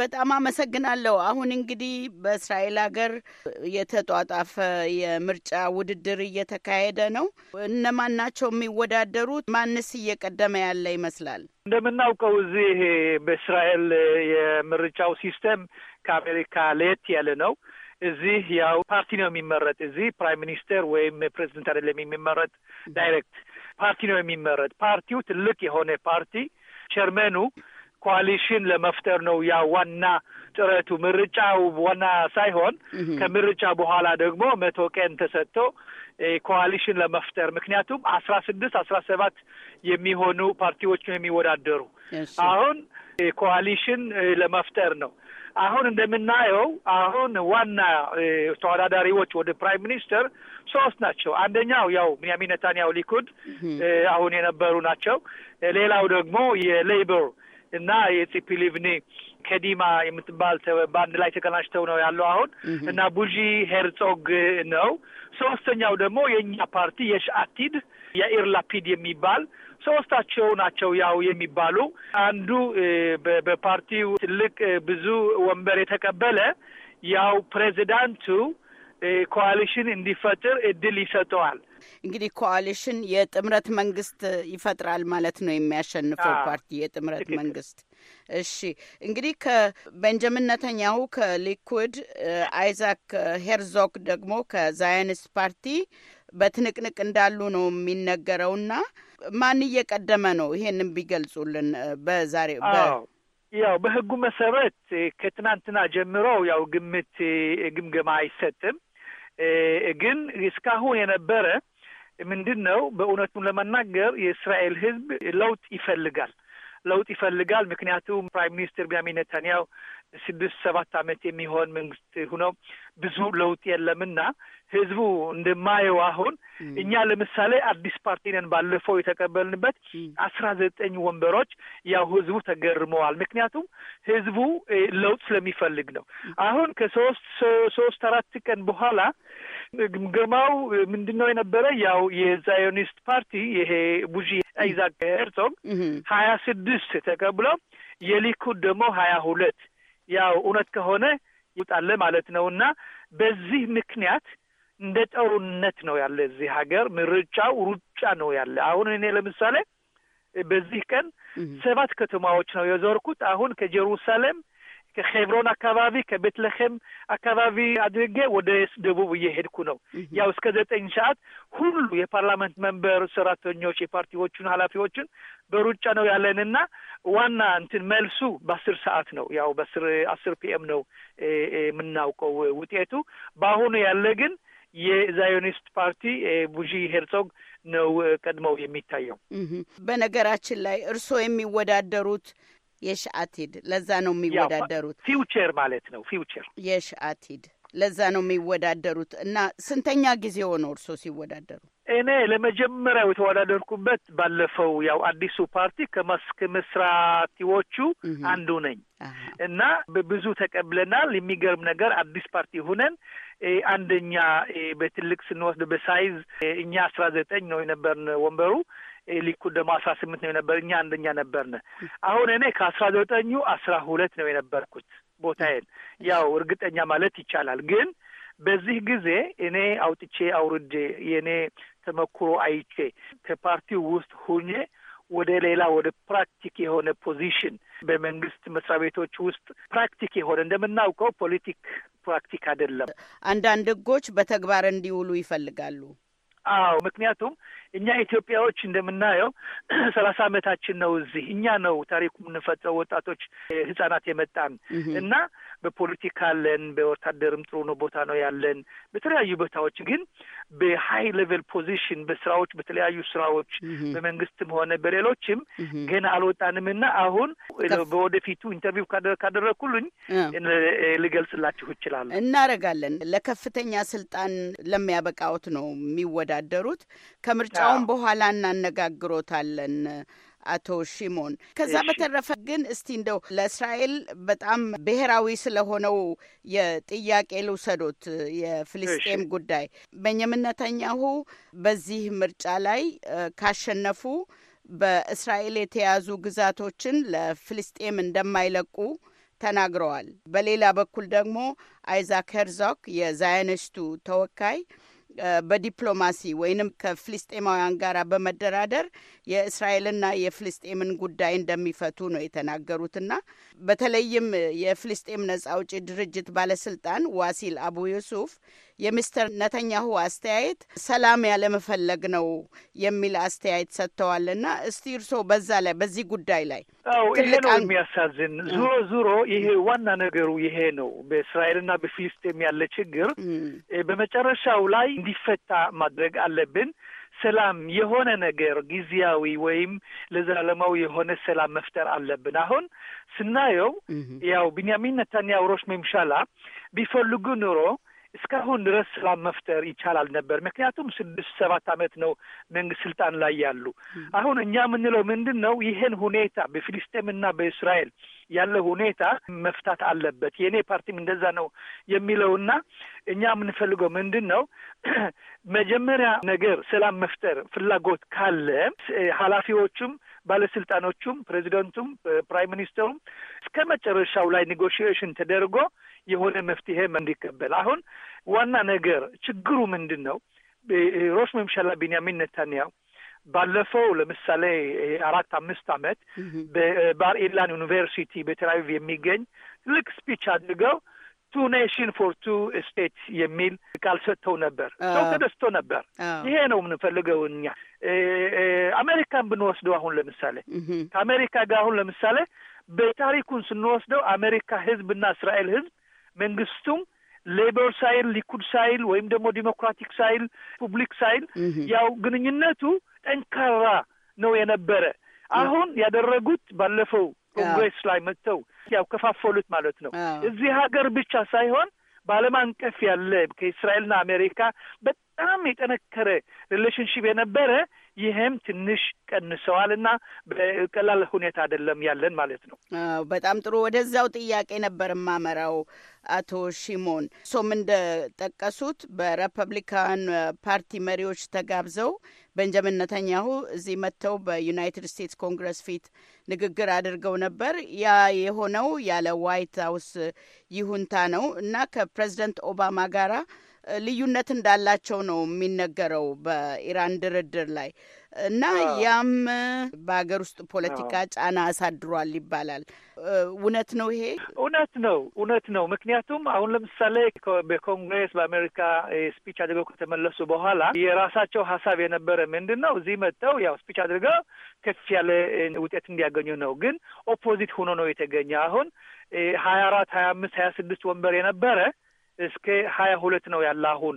በጣም አመሰግናለሁ። አሁን እንግዲህ በእስራኤል ሀገር የተጧጣፈ የምርጫ ውድድር እየተካሄደ ነው። እነማን ናቸው የሚወዳደሩት? ማንስ እየቀደመ ያለ ይመስላል? እንደምናውቀው እዚህ በእስራኤል የምርጫው ሲስተም ከአሜሪካ ለየት ያለ ነው። እዚህ ያው ፓርቲ ነው የሚመረጥ። እዚህ ፕራይም ሚኒስተር ወይም ፕሬዚደንት አይደለም የሚመረጥ፣ ዳይሬክት ፓርቲ ነው የሚመረጥ። ፓርቲው ትልቅ የሆነ ፓርቲ ቸርመኑ ኮሊሽን ለመፍጠር ነው ያ ዋና ጥረቱ። ምርጫው ዋና ሳይሆን ከምርጫ በኋላ ደግሞ መቶ ቀን ተሰጥቶ ኮሊሽን ለመፍጠር ምክንያቱም አስራ ስድስት አስራ ሰባት የሚሆኑ ፓርቲዎች ነው የሚወዳደሩ። አሁን ኮዋሊሽን ለመፍጠር ነው። አሁን እንደምናየው አሁን ዋና ተወዳዳሪዎች ወደ ፕራይም ሚኒስተር ሶስት ናቸው። አንደኛው ያው ቢንያሚን ኔታንያሁ ሊኩድ አሁን የነበሩ ናቸው። ሌላው ደግሞ የሌበር እና የፂፒ ሊቭኒ ከዲማ የምትባል በአንድ ላይ ተቀናጅተው ነው ያለው አሁን እና ቡዢ ሄርጾግ ነው። ሶስተኛው ደግሞ የእኛ ፓርቲ የሽአቲድ የኢር ላፒድ የሚባል ሶስታቸው ናቸው ያው የሚባሉ አንዱ በፓርቲው ትልቅ ብዙ ወንበር የተቀበለ ያው ፕሬዚዳንቱ ኮዋሊሽን እንዲፈጥር እድል ይሰጠዋል። እንግዲህ ኮአሊሽን የጥምረት መንግስት ይፈጥራል ማለት ነው። የሚያሸንፈው ፓርቲ የጥምረት መንግስት። እሺ እንግዲህ ከቤንጃሚን ነተንያሁ ከሊኩድ፣ አይዛክ ሄርዞግ ደግሞ ከዛይንስ ፓርቲ በትንቅንቅ እንዳሉ ነው የሚነገረው ና ማን እየቀደመ ነው? ይሄንን ቢገልጹልን በዛሬ ያው በህጉ መሰረት ከትናንትና ጀምሮ ያው ግምት ግምገማ አይሰጥም። ግን እስካሁን የነበረ ምንድን ነው በእውነቱን ለመናገር የእስራኤል ህዝብ ለውጥ ይፈልጋል ለውጥ ይፈልጋል። ምክንያቱም ፕራይም ሚኒስትር ቢያሚን ኔታንያው ስድስት ሰባት ዓመት የሚሆን መንግስት ሁኖ ብዙ ለውጥ የለምና ህዝቡ እንደማየው አሁን እኛ ለምሳሌ አዲስ ፓርቲ ነን ባለፈው የተቀበልንበት አስራ ዘጠኝ ወንበሮች ያው ህዝቡ ተገርመዋል። ምክንያቱም ህዝቡ ለውጥ ስለሚፈልግ ነው። አሁን ከሶስት ሶስት አራት ቀን በኋላ ግምገማው ምንድን ነው የነበረ? ያው የዛዮኒስት ፓርቲ ይሄ ቡዢ አይዛክ ሄርቶግ ሀያ ስድስት ተቀብሎ የሊኩድ ደግሞ ሀያ ሁለት ያው እውነት ከሆነ ይውጣለ ማለት ነው። እና በዚህ ምክንያት እንደ ጦርነት ነው ያለ እዚህ ሀገር ምርጫው ሩጫ ነው ያለ። አሁን እኔ ለምሳሌ በዚህ ቀን ሰባት ከተማዎች ነው የዞርኩት። አሁን ከጀሩሳሌም ከሄብሮን አካባቢ ከቤትለሄም አካባቢ አድርጌ ወደ ደቡብ እየሄድኩ ነው። ያው እስከ ዘጠኝ ሰዓት ሁሉ የፓርላመንት መንበር ሰራተኞች፣ የፓርቲዎቹን ኃላፊዎችን በሩጫ ነው ያለንና ዋና እንትን መልሱ በአስር ሰዓት ነው። ያው በአስር አስር ፒኤም ነው የምናውቀው ውጤቱ። በአሁኑ ያለ ግን የዛዮኒስት ፓርቲ ቡዢ ሄርጾግ ነው ቀድመው የሚታየው። በነገራችን ላይ እርስዎ የሚወዳደሩት የሽአቲድ ለዛ ነው የሚወዳደሩት። ፊውቸር ማለት ነው። ፊውቸር የሽአቲድ ለዛ ነው የሚወዳደሩት። እና ስንተኛ ጊዜ ሆነ እርሶ ሲወዳደሩ? እኔ ለመጀመሪያው የተወዳደርኩበት ባለፈው ያው አዲሱ ፓርቲ ከመስክ ምስራቲዎቹ አንዱ ነኝ እና ብዙ ተቀብለናል። የሚገርም ነገር አዲስ ፓርቲ ሁነን አንደኛ በትልቅ ስንወስድ በሳይዝ እኛ አስራ ዘጠኝ ነው የነበርን ወንበሩ ሊኩ ደግሞ አስራ ስምንት ነው የነበር እኛ አንደኛ ነበርን። አሁን እኔ ከአስራ ዘጠኙ አስራ ሁለት ነው የነበርኩት ቦታዬን ያው እርግጠኛ ማለት ይቻላል። ግን በዚህ ጊዜ እኔ አውጥቼ አውርዴ የእኔ ተመክሮ አይቼ ከፓርቲው ውስጥ ሁኜ ወደ ሌላ ወደ ፕራክቲክ የሆነ ፖዚሽን በመንግስት መስሪያ ቤቶች ውስጥ ፕራክቲክ የሆነ እንደምናውቀው ፖለቲክ ፕራክቲክ አይደለም። አንዳንድ ህጎች በተግባር እንዲውሉ ይፈልጋሉ። አዎ ምክንያቱም እኛ ኢትዮጵያዎች እንደምናየው ሰላሳ ዓመታችን ነው እዚህ እኛ ነው ታሪኩ የምንፈጥረው ወጣቶች ህጻናት የመጣን እና በፖለቲካ አለን፣ በወታደርም ጥሩ ነው ቦታ ነው ያለን። በተለያዩ ቦታዎች ግን በሀይ ሌቨል ፖዚሽን በስራዎች በተለያዩ ስራዎች በመንግስትም ሆነ በሌሎችም ገና አልወጣንም እና አሁን በወደፊቱ ኢንተርቪው ካደረግኩልኝ ልገልጽላችሁ ይችላሉ እናረጋለን። ለከፍተኛ ስልጣን ለሚያበቃዎት ነው የሚወዳደሩት ከምርጫ ከምርጫውን በኋላ እናነጋግሮታለን። አቶ ሺሞን ከዛ በተረፈ ግን እስቲ እንደው ለእስራኤል በጣም ብሔራዊ ስለሆነው የጥያቄ ልውሰዶት የፍልስጤም ጉዳይ ቤንያሚን ኔታንያሁ በዚህ ምርጫ ላይ ካሸነፉ በእስራኤል የተያዙ ግዛቶችን ለፍልስጤም እንደማይለቁ ተናግረዋል። በሌላ በኩል ደግሞ አይዛክ ሄርዞክ የዛይንስቱ ተወካይ በዲፕሎማሲ ወይንም ከፍልስጤማውያን ጋር በመደራደር የእስራኤልና የፍልስጤምን ጉዳይ እንደሚፈቱ ነው የተናገሩትና በተለይም የፍልስጤም ነጻ አውጪ ድርጅት ባለስልጣን ዋሲል አቡ ዩሱፍ የሚስተር ነተኛሁ አስተያየት ሰላም ያለመፈለግ ነው የሚል አስተያየት ሰጥተዋል። እና እስቲ እርስዎ በዛ ላይ በዚህ ጉዳይ ላይ ይሄ ነው የሚያሳዝን። ዙሮ ዙሮ ይሄ ዋና ነገሩ ይሄ ነው። በእስራኤልና በፊልስጤም ያለ ችግር በመጨረሻው ላይ እንዲፈታ ማድረግ አለብን። ሰላም የሆነ ነገር ጊዜያዊ ወይም ለዘላለማዊ የሆነ ሰላም መፍጠር አለብን። አሁን ስናየው ያው ቢንያሚን ነታንያሁ ሮሽ መምሻላ ቢፈልጉ ኑሮ እስካሁን ድረስ ሰላም መፍጠር ይቻላል ነበር። ምክንያቱም ስድስት ሰባት ዓመት ነው መንግስት ስልጣን ላይ ያሉ። አሁን እኛ የምንለው ምንድን ነው? ይህን ሁኔታ በፊልስጤምና በእስራኤል ያለ ሁኔታ መፍታት አለበት። የእኔ ፓርቲም እንደዛ ነው የሚለውና እኛ የምንፈልገው ምንድን ነው? መጀመሪያ ነገር ሰላም መፍጠር ፍላጎት ካለ ኃላፊዎቹም ባለስልጣኖቹም ፕሬዚደንቱም ፕራይም ሚኒስተሩም እስከ መጨረሻው ላይ ኔጎሽዬሽን ተደርጎ የሆነ መፍትሄ እንዲቀበል። አሁን ዋና ነገር ችግሩ ምንድን ነው? ሮሽ መምሻላ ቢንያሚን ነታንያው ባለፈው ለምሳሌ አራት አምስት አመት በባር ኢላን ዩኒቨርሲቲ በቴላቪቭ የሚገኝ ትልቅ ስፒች አድርገው ቱ ኔሽን ፎር ቱ ስቴት የሚል ቃል ሰጥተው ነበር። ሰው ተደስቶ ነበር። ይሄ ነው የምንፈልገው እኛ። አሜሪካን ብንወስደው አሁን ለምሳሌ ከአሜሪካ ጋር አሁን ለምሳሌ በታሪኩን ስንወስደው አሜሪካ ህዝብና እስራኤል ህዝብ መንግስቱም ሌበር ሳይል ሊኩድ ሳይል ወይም ደግሞ ዲሞክራቲክ ሳይል ፑብሊክ ሳይል ያው ግንኙነቱ ጠንካራ ነው የነበረ። አሁን ያደረጉት ባለፈው ኮንግሬስ ላይ መጥተው ያው ከፋፈሉት ማለት ነው። እዚህ ሀገር ብቻ ሳይሆን በዓለም አቀፍ ያለ ከእስራኤልና አሜሪካ በጣም የጠነከረ ሪሌሽንሽፕ የነበረ ይህም ትንሽ ቀንሰዋልና በቀላል ሁኔታ አይደለም ያለን ማለት ነው። በጣም ጥሩ። ወደዛው ጥያቄ ነበር የማመራው አቶ ሺሞን እሶም እንደጠቀሱት በሪፐብሊካን ፓርቲ መሪዎች ተጋብዘው ቤንጃሚን ነታንያሁ እዚህ መጥተው በዩናይትድ ስቴትስ ኮንግረስ ፊት ንግግር አድርገው ነበር። ያ የሆነው ያለ ዋይት ሀውስ ይሁንታ ነው እና ከፕሬዚደንት ኦባማ ጋራ ልዩነት እንዳላቸው ነው የሚነገረው በኢራን ድርድር ላይ እና ያም በሀገር ውስጥ ፖለቲካ ጫና አሳድሯል ይባላል። እውነት ነው? ይሄ እውነት ነው፣ እውነት ነው። ምክንያቱም አሁን ለምሳሌ በኮንግሬስ በአሜሪካ ስፒች አድርገው ከተመለሱ በኋላ የራሳቸው ሀሳብ የነበረ ምንድን ነው? እዚህ መጥተው ያው ስፒች አድርገው ከፍ ያለ ውጤት እንዲያገኙ ነው። ግን ኦፖዚት ሆኖ ነው የተገኘ አሁን ሀያ አራት ሀያ አምስት ሀያ ስድስት ወንበር የነበረ እስከ ሀያ ሁለት ነው ያለ አሁን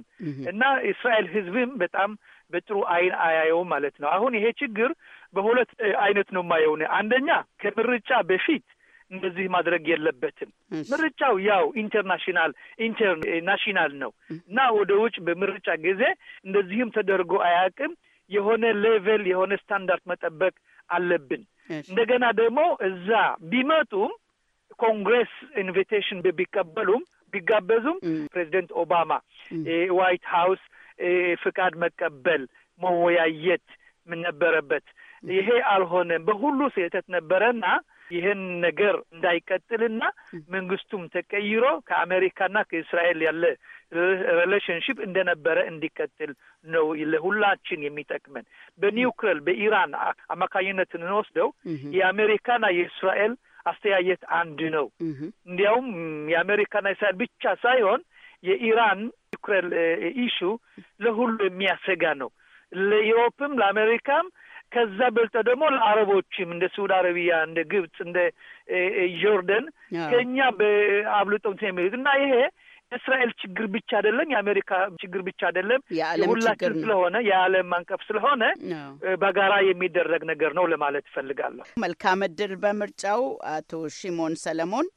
እና እስራኤል ህዝብም በጣም በጥሩ አይን አያየውም ማለት ነው። አሁን ይሄ ችግር በሁለት አይነት ነው የማየውን። አንደኛ ከምርጫ በፊት እንደዚህ ማድረግ የለበትም። ምርጫው ያው ኢንተርናሽናል ኢንተርናሽናል ነው እና ወደ ውጭ በምርጫ ጊዜ እንደዚህም ተደርጎ አያውቅም። የሆነ ሌቨል የሆነ ስታንዳርድ መጠበቅ አለብን። እንደገና ደግሞ እዛ ቢመጡም ኮንግሬስ ኢንቪቴሽን ቢቀበሉም ቢጋበዙም ፕሬዚደንት ኦባማ ዋይት ሀውስ ፍቃድ መቀበል መወያየት ምን ነበረበት። ይሄ አልሆነም። በሁሉ ስህተት ነበረና ይህን ነገር እንዳይቀጥልና መንግስቱም ተቀይሮ ከአሜሪካና ከእስራኤል ያለ ሪሌሽንሽፕ እንደነበረ እንዲቀጥል ነው ለሁላችን የሚጠቅመን። በኒውክሌር በኢራን አማካኝነት እንወስደው የአሜሪካና የእስራኤል አስተያየት አንድ ነው። እንዲያውም የአሜሪካና እስራኤል ብቻ ሳይሆን የኢራን ዩክሬን ኢሹ ለሁሉ የሚያሰጋ ነው። ለኢሮፕም ለአሜሪካም ከዛ በልጠ ደግሞ ለአረቦችም እንደ ሳውዲ አረቢያ፣ እንደ ግብጽ፣ እንደ ጆርደን ከኛ በአብልጦ የሚሉት እና ይሄ የእስራኤል ችግር ብቻ አይደለም፣ የአሜሪካ ችግር ብቻ አይደለም፣ የሁላችን ስለሆነ የዓለም አቀፍ ስለሆነ በጋራ የሚደረግ ነገር ነው ለማለት እፈልጋለሁ። መልካም እድል በምርጫው አቶ ሺሞን ሰለሞን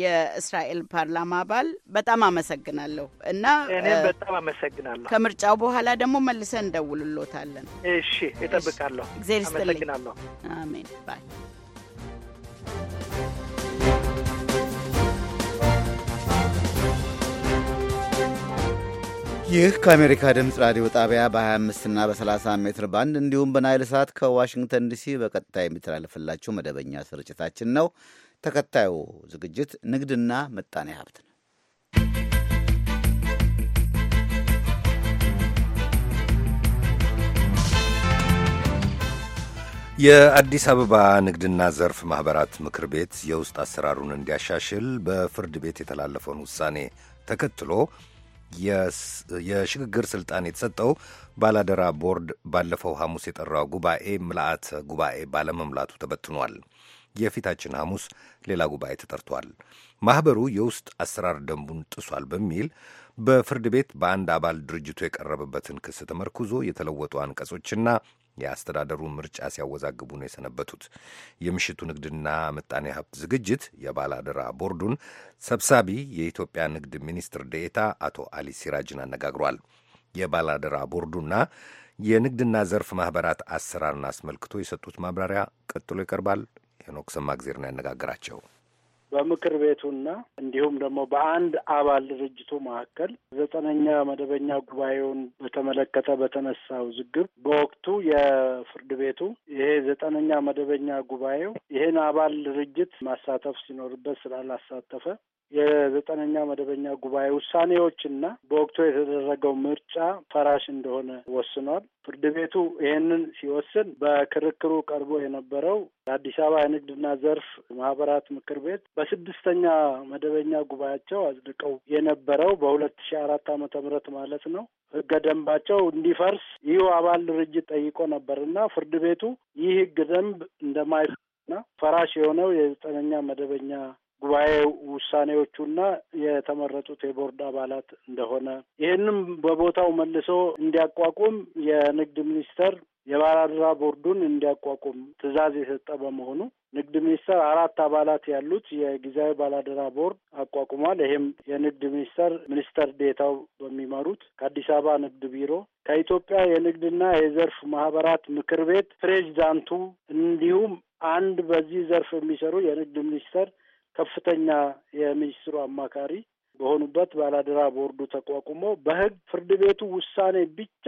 የእስራኤል ፓርላማ አባል በጣም አመሰግናለሁ እና እኔም በጣም አመሰግናለሁ። ከምርጫው በኋላ ደግሞ መልሰን እንደውልሎታለን። እሺ፣ እጠብቃለሁ። እግዜር ይስጥልኝ። አሜን ባይ ይህ ከአሜሪካ ድምፅ ራዲዮ ጣቢያ በ25 እና በ30 ሜትር ባንድ እንዲሁም በናይል ሰዓት ከዋሽንግተን ዲሲ በቀጥታ የሚተላለፍላችሁ መደበኛ ስርጭታችን ነው። ተከታዩ ዝግጅት ንግድና ምጣኔ ሀብት ነው። የአዲስ አበባ ንግድና ዘርፍ ማኅበራት ምክር ቤት የውስጥ አሰራሩን እንዲያሻሽል በፍርድ ቤት የተላለፈውን ውሳኔ ተከትሎ የሽግግር ስልጣን የተሰጠው ባላደራ ቦርድ ባለፈው ሐሙስ የጠራው ጉባኤ ምልአተ ጉባኤ ባለመምላቱ ተበትኗል። የፊታችን ሐሙስ ሌላ ጉባኤ ተጠርቷል። ማኅበሩ የውስጥ አሰራር ደንቡን ጥሷል በሚል በፍርድ ቤት በአንድ አባል ድርጅቱ የቀረበበትን ክስ ተመርኩዞ የተለወጡ አንቀጾችና የአስተዳደሩን ምርጫ ሲያወዛግቡ ነው የሰነበቱት። የምሽቱ ንግድና ምጣኔ ሀብት ዝግጅት የባላደራ ቦርዱን ሰብሳቢ የኢትዮጵያ ንግድ ሚኒስትር ዴኤታ አቶ አሊ ሲራጅን አነጋግሯል። የባላደራ ቦርዱና የንግድና ዘርፍ ማኅበራት አሰራርን አስመልክቶ የሰጡት ማብራሪያ ቀጥሎ ይቀርባል። ሄኖክ ሰማግዜር ነው ያነጋግራቸው። በምክር ቤቱና እንዲሁም ደግሞ በአንድ አባል ድርጅቱ መካከል ዘጠነኛ መደበኛ ጉባኤውን በተመለከተ በተነሳ ውዝግብ በወቅቱ የፍርድ ቤቱ ይሄ ዘጠነኛ መደበኛ ጉባኤው ይሄን አባል ድርጅት ማሳተፍ ሲኖርበት ስላላሳተፈ የዘጠነኛ መደበኛ ጉባኤ ውሳኔዎችና በወቅቱ የተደረገው ምርጫ ፈራሽ እንደሆነ ወስኗል። ፍርድ ቤቱ ይህንን ሲወስን በክርክሩ ቀርቦ የነበረው የአዲስ አበባ የንግድና ዘርፍ ማህበራት ምክር ቤት በስድስተኛ መደበኛ ጉባኤያቸው አጽድቀው የነበረው በሁለት ሺ አራት አመተ ምህረት ማለት ነው ህገ ደንባቸው እንዲፈርስ ይህ አባል ድርጅት ጠይቆ ነበርና ፍርድ ቤቱ ይህ ህግ ደንብ እንደማይፈና ፈራሽ የሆነው የዘጠነኛ መደበኛ ጉባኤ ውሳኔዎቹና የተመረጡት የቦርድ አባላት እንደሆነ ይህንም በቦታው መልሶ እንዲያቋቁም የንግድ ሚኒስቴር የባራድራ ቦርዱን እንዲያቋቁም ትዕዛዝ የሰጠ በመሆኑ ንግድ ሚኒስቴር አራት አባላት ያሉት የጊዜያዊ ባላደራ ቦርድ አቋቁሟል። ይህም የንግድ ሚኒስቴር ሚኒስተር ዴታው በሚመሩት ከአዲስ አበባ ንግድ ቢሮ ከኢትዮጵያ የንግድና የዘርፍ ማህበራት ምክር ቤት ፕሬዚዳንቱ እንዲሁም አንድ በዚህ ዘርፍ የሚሰሩ የንግድ ሚኒስቴር ከፍተኛ የሚኒስትሩ አማካሪ በሆኑበት ባላደራ ቦርዱ ተቋቁሞ በህግ ፍርድ ቤቱ ውሳኔ ብቻ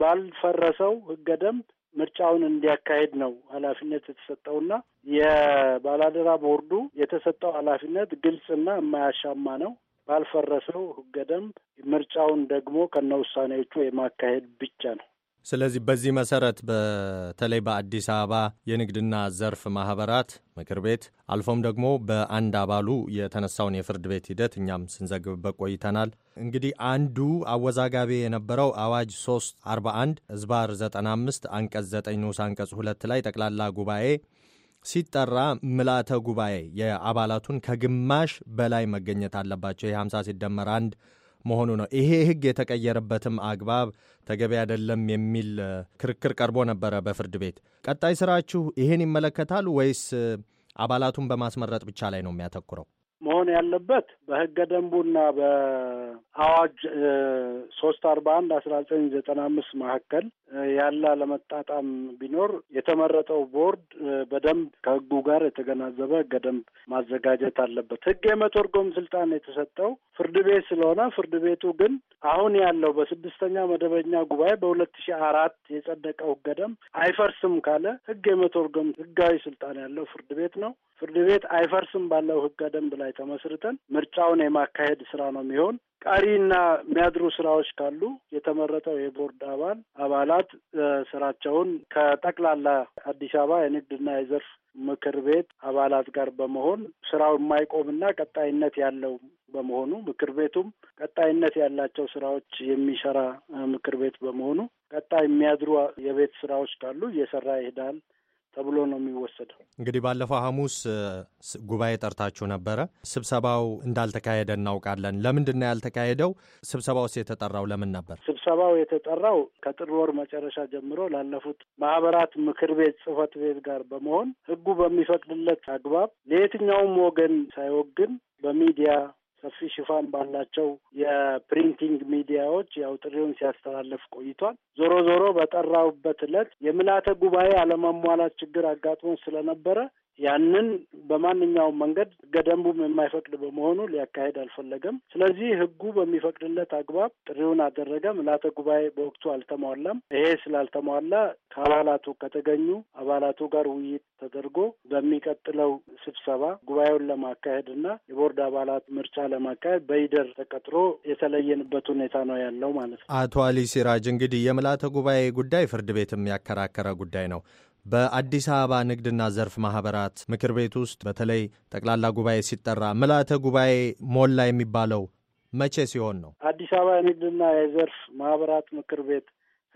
ባልፈረሰው ህገደንብ። ደንብ ምርጫውን እንዲያካሄድ ነው ኃላፊነት የተሰጠውና የባላደራ ቦርዱ የተሰጠው ኃላፊነት ግልጽና የማያሻማ ነው። ባልፈረሰው ሕገ ደንብ ምርጫውን ደግሞ ከነ ውሳኔዎቹ የማካሄድ ብቻ ነው። ስለዚህ በዚህ መሰረት በተለይ በአዲስ አበባ የንግድና ዘርፍ ማህበራት ምክር ቤት አልፎም ደግሞ በአንድ አባሉ የተነሳውን የፍርድ ቤት ሂደት እኛም ስንዘግብበት ቆይተናል። እንግዲህ አንዱ አወዛጋቢ የነበረው አዋጅ 341 ዝባር 95 አንቀጽ 9 ንዑስ አንቀጽ 2 ላይ ጠቅላላ ጉባኤ ሲጠራ ምልአተ ጉባኤ የአባላቱን ከግማሽ በላይ መገኘት አለባቸው። የ50 ሲደመር አንድ መሆኑ ነው። ይሄ ህግ የተቀየረበትም አግባብ ተገቢ አይደለም የሚል ክርክር ቀርቦ ነበረ በፍርድ ቤት። ቀጣይ ስራችሁ ይህን ይመለከታል ወይስ አባላቱን በማስመረጥ ብቻ ላይ ነው የሚያተኩረው? መሆን ያለበት በህገ ደንቡና በአዋጅ ሶስት አርባ አንድ አስራ ዘጠኝ ዘጠና አምስት መካከል ያለ አለመጣጣም ቢኖር የተመረጠው ቦርድ በደንብ ከህጉ ጋር የተገናዘበ ህገ ደንብ ማዘጋጀት አለበት። ህግ የመተርጎም ስልጣን የተሰጠው ፍርድ ቤት ስለሆነ ፍርድ ቤቱ ግን አሁን ያለው በስድስተኛ መደበኛ ጉባኤ በሁለት ሺ አራት የጸደቀው ህገ ደንብ አይፈርስም ካለ ህግ የመተርጎም ህጋዊ ስልጣን ያለው ፍርድ ቤት ነው። ፍርድ ቤት አይፈርስም ባለው ህገ ደንብ ላይ ላይ ተመስርተን ምርጫውን የማካሄድ ስራ ነው የሚሆን። ቀሪና የሚያድሩ ስራዎች ካሉ የተመረጠው የቦርድ አባል አባላት ስራቸውን ከጠቅላላ አዲስ አበባ የንግድና የዘርፍ ምክር ቤት አባላት ጋር በመሆን ስራው የማይቆምና ቀጣይነት ያለው በመሆኑ ምክር ቤቱም ቀጣይነት ያላቸው ስራዎች የሚሰራ ምክር ቤት በመሆኑ ቀጣይ የሚያድሩ የቤት ስራዎች ካሉ እየሰራ ይሄዳል ተብሎ ነው የሚወሰደው። እንግዲህ ባለፈው ሐሙስ ጉባኤ ጠርታችሁ ነበረ። ስብሰባው እንዳልተካሄደ እናውቃለን። ለምንድን ነው ያልተካሄደው? ስብሰባውስ የተጠራው ለምን ነበር? ስብሰባው የተጠራው ከጥር ወር መጨረሻ ጀምሮ ላለፉት ማህበራት ምክር ቤት ጽህፈት ቤት ጋር በመሆን ህጉ በሚፈቅድለት አግባብ ለየትኛውም ወገን ሳይወግን በሚዲያ ሰፊ ሽፋን ባላቸው የፕሪንቲንግ ሚዲያዎች ያው ጥሪውን ሲያስተላልፍ ቆይቷል። ዞሮ ዞሮ በጠራውበት ዕለት የምልዓተ ጉባኤ አለመሟላት ችግር አጋጥሞ ስለነበረ ያንን በማንኛውም መንገድ ሕገ ደንቡም የማይፈቅድ በመሆኑ ሊያካሄድ አልፈለገም። ስለዚህ ህጉ በሚፈቅድለት አግባብ ጥሪውን አደረገ። ምልዓተ ጉባኤ በወቅቱ አልተሟላም። ይሄ ስላልተሟላ ከአባላቱ ከተገኙ አባላቱ ጋር ውይይት ተደርጎ በሚቀጥለው ስብሰባ ጉባኤውን ለማካሄድ እና የቦርድ አባላት ምርጫ ለማካሄድ በይደር ተቀጥሮ የተለየንበት ሁኔታ ነው ያለው ማለት ነው። አቶ አሊ ሲራጅ እንግዲህ የምልዓተ ጉባኤ ጉዳይ ፍርድ ቤትም ያከራከረ ጉዳይ ነው። በአዲስ አበባ ንግድና ዘርፍ ማህበራት ምክር ቤት ውስጥ በተለይ ጠቅላላ ጉባኤ ሲጠራ ምላተ ጉባኤ ሞላ የሚባለው መቼ ሲሆን ነው? አዲስ አበባ የንግድና የዘርፍ ማህበራት ምክር ቤት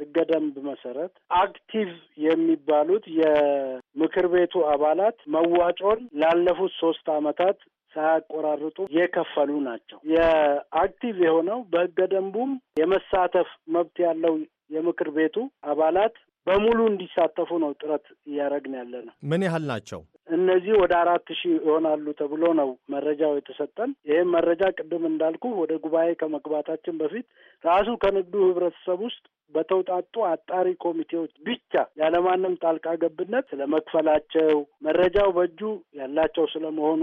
ህገደንብ ደንብ መሰረት አክቲቭ የሚባሉት የምክር ቤቱ አባላት መዋጮን ላለፉት ሶስት አመታት ሳያቆራርጡ የከፈሉ ናቸው። የአክቲቭ የሆነው በህገደንቡም ደንቡም የመሳተፍ መብት ያለው የምክር ቤቱ አባላት በሙሉ እንዲሳተፉ ነው ጥረት እያደረግን ያለ ነው። ምን ያህል ናቸው? እነዚህ ወደ አራት ሺህ ይሆናሉ ተብሎ ነው መረጃው የተሰጠን። ይህም መረጃ ቅድም እንዳልኩ ወደ ጉባኤ ከመግባታችን በፊት ራሱ ከንግዱ ህብረተሰብ ውስጥ በተውጣጡ አጣሪ ኮሚቴዎች ብቻ ያለማንም ጣልቃ ገብነት ስለመክፈላቸው መረጃው በእጁ ያላቸው ስለመሆኑ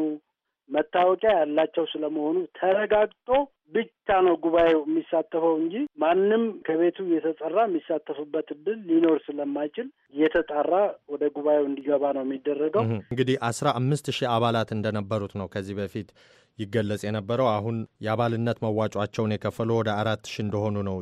መታወቂያ ያላቸው ስለመሆኑ ተረጋግጦ ብቻ ነው ጉባኤው የሚሳተፈው እንጂ ማንም ከቤቱ የተጠራ የሚሳተፍበት እድል ሊኖር ስለማይችል እየተጣራ ወደ ጉባኤው እንዲገባ ነው የሚደረገው። እንግዲህ አስራ አምስት ሺህ አባላት እንደነበሩት ነው ከዚህ በፊት ይገለጽ የነበረው። አሁን የአባልነት መዋጯቸውን የከፈሉ ወደ አራት ሺህ እንደሆኑ ነው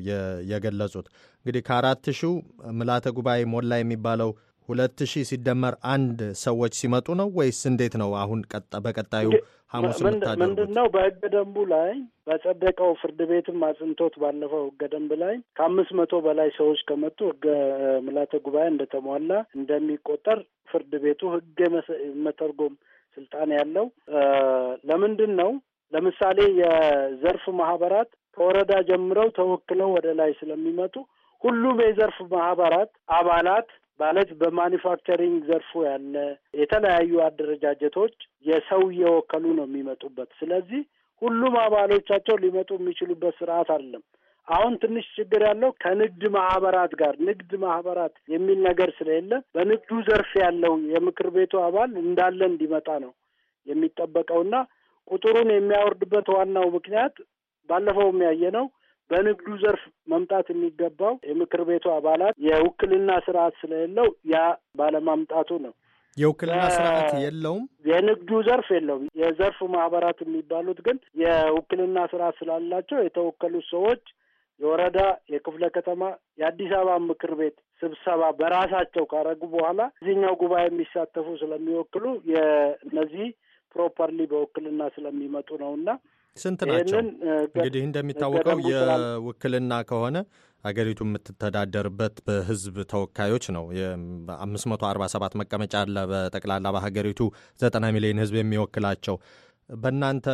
የገለጹት። እንግዲህ ከአራት ሺው ምላተ ጉባኤ ሞላ የሚባለው ሁለት ሺህ ሲደመር አንድ ሰዎች ሲመጡ ነው ወይስ እንዴት ነው? አሁን በቀጣዩ ሐሙስ ምንድን ነው? በህገ ደንቡ ላይ በጸደቀው ፍርድ ቤትም አጽንቶት ባለፈው ህገ ደንብ ላይ ከአምስት መቶ በላይ ሰዎች ከመጡ ህገ ምልዓተ ጉባኤ እንደተሟላ እንደሚቆጠር ፍርድ ቤቱ ህግ መተርጎም ስልጣን ያለው ለምንድን ነው? ለምሳሌ የዘርፍ ማህበራት ከወረዳ ጀምረው ተወክለው ወደ ላይ ስለሚመጡ ሁሉም የዘርፍ ማህበራት አባላት ማለት በማኒፋክቸሪንግ ዘርፉ ያለ የተለያዩ አደረጃጀቶች የሰው እየወከሉ ነው የሚመጡበት። ስለዚህ ሁሉም አባሎቻቸው ሊመጡ የሚችሉበት ስርዓት አይደለም። አሁን ትንሽ ችግር ያለው ከንግድ ማህበራት ጋር ንግድ ማህበራት የሚል ነገር ስለሌለ በንግዱ ዘርፍ ያለው የምክር ቤቱ አባል እንዳለ እንዲመጣ ነው የሚጠበቀውና ቁጥሩን የሚያወርድበት ዋናው ምክንያት ባለፈው ያየ ነው በንግዱ ዘርፍ መምጣት የሚገባው የምክር ቤቱ አባላት የውክልና ስርዓት ስለሌለው ያ ባለማምጣቱ ነው። የውክልና ስርዓት የለውም። የንግዱ ዘርፍ የለውም። የዘርፍ ማህበራት የሚባሉት ግን የውክልና ስርዓት ስላላቸው የተወከሉት ሰዎች የወረዳ፣ የክፍለ ከተማ፣ የአዲስ አበባ ምክር ቤት ስብሰባ በራሳቸው ካረጉ በኋላ እዚህኛው ጉባኤ የሚሳተፉ ስለሚወክሉ የእነዚህ ፕሮፐርሊ በውክልና ስለሚመጡ ነው እና ስንት ናቸው? እንግዲህ እንደሚታወቀው የውክልና ከሆነ አገሪቱ የምትተዳደርበት በህዝብ ተወካዮች ነው። የ547 መቀመጫ አለ በጠቅላላ በሀገሪቱ 90 ሚሊዮን ህዝብ የሚወክላቸው በእናንተ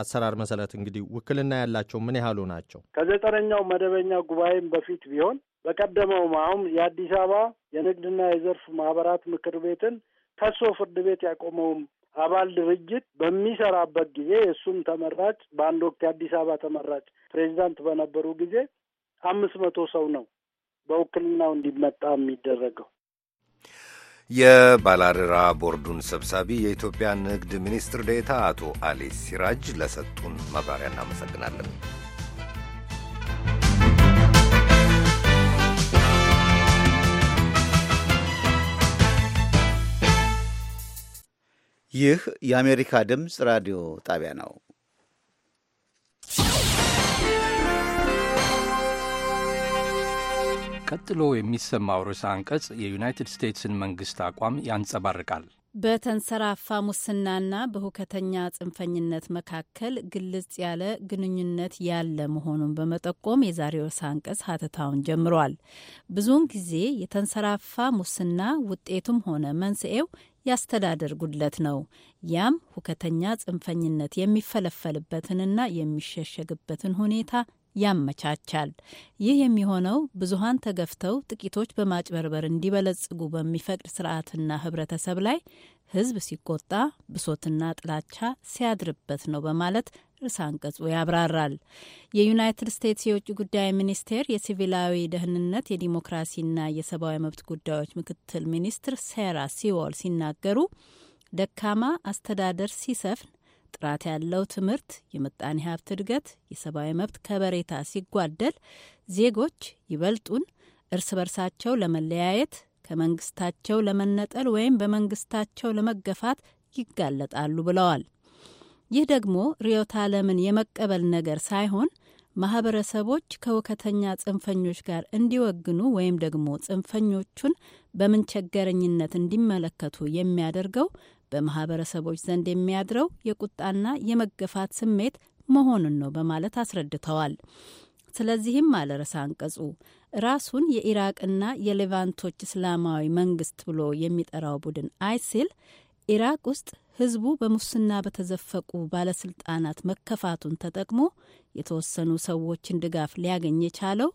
አሰራር መሰረት እንግዲህ ውክልና ያላቸው ምን ያህሉ ናቸው? ከዘጠነኛው መደበኛ ጉባኤም በፊት ቢሆን በቀደመውም አሁን የአዲስ አበባ የንግድና የዘርፍ ማህበራት ምክር ቤትን ከሶ ፍርድ ቤት ያቆመውም አባል ድርጅት በሚሰራበት ጊዜ እሱም ተመራጭ በአንድ ወቅት የአዲስ አበባ ተመራጭ ፕሬዚዳንት በነበሩ ጊዜ አምስት መቶ ሰው ነው በውክልናው እንዲመጣ የሚደረገው። የባላደራ ቦርዱን ሰብሳቢ የኢትዮጵያ ንግድ ሚኒስትር ዴታ አቶ አሊ ሲራጅ ለሰጡን ማብራሪያ እናመሰግናለን። ይህ የአሜሪካ ድምፅ ራዲዮ ጣቢያ ነው። ቀጥሎ የሚሰማው ርዕሰ አንቀጽ የዩናይትድ ስቴትስን መንግሥት አቋም ያንጸባርቃል። በተንሰራፋ ሙስናና በሁከተኛ ጽንፈኝነት መካከል ግልጽ ያለ ግንኙነት ያለ መሆኑን በመጠቆም የዛሬው ሳንቀስ ሀተታውን ጀምሯል። ብዙውን ጊዜ የተንሰራፋ ሙስና ውጤቱም ሆነ መንስኤው ያስተዳደር ጉድለት ነው። ያም ሁከተኛ ጽንፈኝነት የሚፈለፈልበትንና የሚሸሸግበትን ሁኔታ ያመቻቻል። ይህ የሚሆነው ብዙሀን ተገፍተው ጥቂቶች በማጭበርበር እንዲበለጽጉ በሚፈቅድ ስርዓትና ህብረተሰብ ላይ ህዝብ ሲቆጣ፣ ብሶትና ጥላቻ ሲያድርበት ነው በማለት ርዕሰ አንቀጹ ያብራራል። የዩናይትድ ስቴትስ የውጭ ጉዳይ ሚኒስቴር የሲቪላዊ ደህንነት የዲሞክራሲና የሰብአዊ መብት ጉዳዮች ምክትል ሚኒስትር ሴራ ሲወል ሲናገሩ ደካማ አስተዳደር ሲሰፍን ጥራት ያለው ትምህርት፣ የምጣኔ ሀብት እድገት፣ የሰብአዊ መብት ከበሬታ ሲጓደል ዜጎች ይበልጡን እርስ በርሳቸው ለመለያየት ከመንግስታቸው ለመነጠል ወይም በመንግስታቸው ለመገፋት ይጋለጣሉ ብለዋል። ይህ ደግሞ ርዕዮተ ዓለምን የመቀበል ነገር ሳይሆን ማህበረሰቦች ከውከተኛ ጽንፈኞች ጋር እንዲወግኑ ወይም ደግሞ ጽንፈኞቹን በምንቸገረኝነት እንዲመለከቱ የሚያደርገው በማህበረሰቦች ዘንድ የሚያድረው የቁጣና የመገፋት ስሜት መሆኑን ነው በማለት አስረድተዋል። ስለዚህም አለ ርዕሰ አንቀጹ ራሱን የኢራቅና የሌቫንቶች እስላማዊ መንግስት ብሎ የሚጠራው ቡድን አይሲል ኢራቅ ውስጥ ህዝቡ በሙስና በተዘፈቁ ባለስልጣናት መከፋቱን ተጠቅሞ የተወሰኑ ሰዎችን ድጋፍ ሊያገኝ የቻለው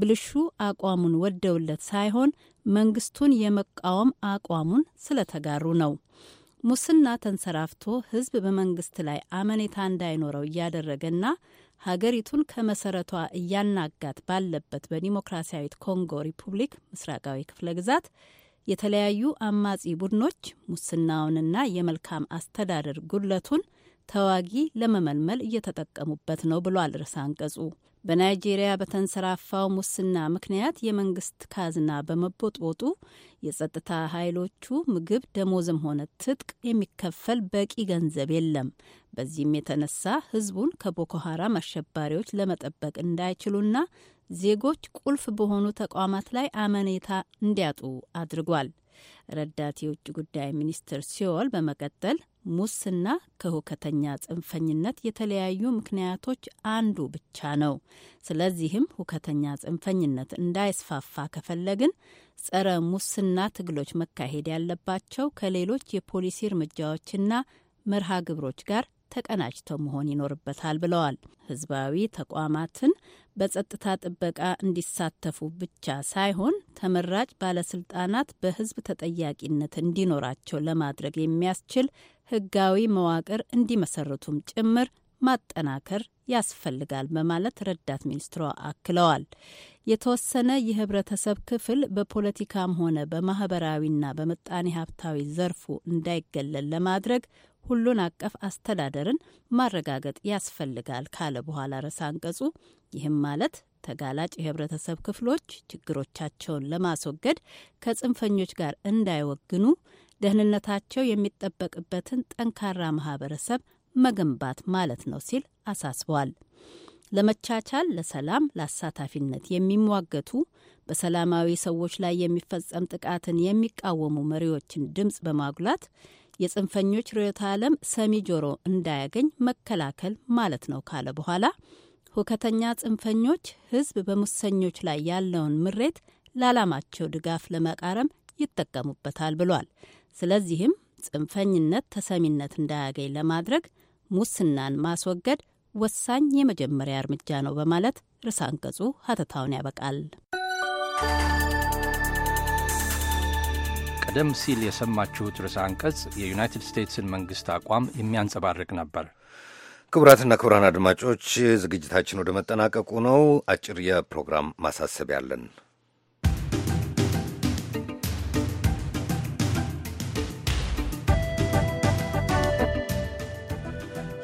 ብልሹ አቋሙን ወደውለት ሳይሆን መንግስቱን የመቃወም አቋሙን ስለተጋሩ ነው። ሙስና ተንሰራፍቶ ህዝብ በመንግስት ላይ አመኔታ እንዳይኖረው እያደረገና ሀገሪቱን ከመሰረቷ እያናጋት ባለበት በዲሞክራሲያዊት ኮንጎ ሪፑብሊክ ምስራቃዊ ክፍለ ግዛት የተለያዩ አማጺ ቡድኖች ሙስናውንና የመልካም አስተዳደር ጉድለቱን ተዋጊ ለመመልመል እየተጠቀሙበት ነው ብሏል ርዕሰ አንቀጹ። በናይጄሪያ በተንሰራፋው ሙስና ምክንያት የመንግስት ካዝና በመቦጥቦጡ የጸጥታ ኃይሎቹ ምግብ፣ ደሞዝም ሆነ ትጥቅ የሚከፈል በቂ ገንዘብ የለም። በዚህም የተነሳ ህዝቡን ከቦኮ ሀራም አሸባሪዎች ለመጠበቅ እንዳይችሉና ዜጎች ቁልፍ በሆኑ ተቋማት ላይ አመኔታ እንዲያጡ አድርጓል። ረዳት የውጭ ጉዳይ ሚኒስትር ሲወል በመቀጠል ሙስና ከሁከተኛ ጽንፈኝነት የተለያዩ ምክንያቶች አንዱ ብቻ ነው። ስለዚህም ሁከተኛ ጽንፈኝነት እንዳይስፋፋ ከፈለግን ጸረ ሙስና ትግሎች መካሄድ ያለባቸው ከሌሎች የፖሊሲ እርምጃዎችና መርሃ ግብሮች ጋር ተቀናጅተው መሆን ይኖርበታል ብለዋል። ህዝባዊ ተቋማትን በጸጥታ ጥበቃ እንዲሳተፉ ብቻ ሳይሆን ተመራጭ ባለስልጣናት በህዝብ ተጠያቂነት እንዲኖራቸው ለማድረግ የሚያስችል ህጋዊ መዋቅር እንዲመሰርቱም ጭምር ማጠናከር ያስፈልጋል በማለት ረዳት ሚኒስትሯ አክለዋል። የተወሰነ የህብረተሰብ ክፍል በፖለቲካም ሆነ በማህበራዊና በምጣኔ ሀብታዊ ዘርፉ እንዳይገለል ለማድረግ ሁሉን አቀፍ አስተዳደርን ማረጋገጥ ያስፈልጋል ካለ በኋላ ርዕሰ አንቀጹ ይህም ማለት ተጋላጭ የህብረተሰብ ክፍሎች ችግሮቻቸውን ለማስወገድ ከጽንፈኞች ጋር እንዳይወግኑ ደህንነታቸው የሚጠበቅበትን ጠንካራ ማህበረሰብ መገንባት ማለት ነው ሲል አሳስበዋል። ለመቻቻል፣ ለሰላም፣ ለአሳታፊነት የሚሟገቱ በሰላማዊ ሰዎች ላይ የሚፈጸም ጥቃትን የሚቃወሙ መሪዎችን ድምፅ በማጉላት የጽንፈኞች ርዕዮተ ዓለም ሰሚ ጆሮ እንዳያገኝ መከላከል ማለት ነው ካለ በኋላ ሁከተኛ ጽንፈኞች ህዝብ በሙሰኞች ላይ ያለውን ምሬት ለዓላማቸው ድጋፍ ለመቃረም ይጠቀሙበታል ብሏል። ስለዚህም ጽንፈኝነት ተሰሚነት እንዳያገኝ ለማድረግ ሙስናን ማስወገድ ወሳኝ የመጀመሪያ እርምጃ ነው በማለት ርዕሰ አንቀጹ ሀተታውን ያበቃል። ቀደም ሲል የሰማችሁት ርዕሰ አንቀጽ የዩናይትድ ስቴትስን መንግሥት አቋም የሚያንጸባርቅ ነበር። ክቡራትና ክቡራን አድማጮች ዝግጅታችን ወደ መጠናቀቁ ነው። አጭር የፕሮግራም ማሳሰቢያ አለን።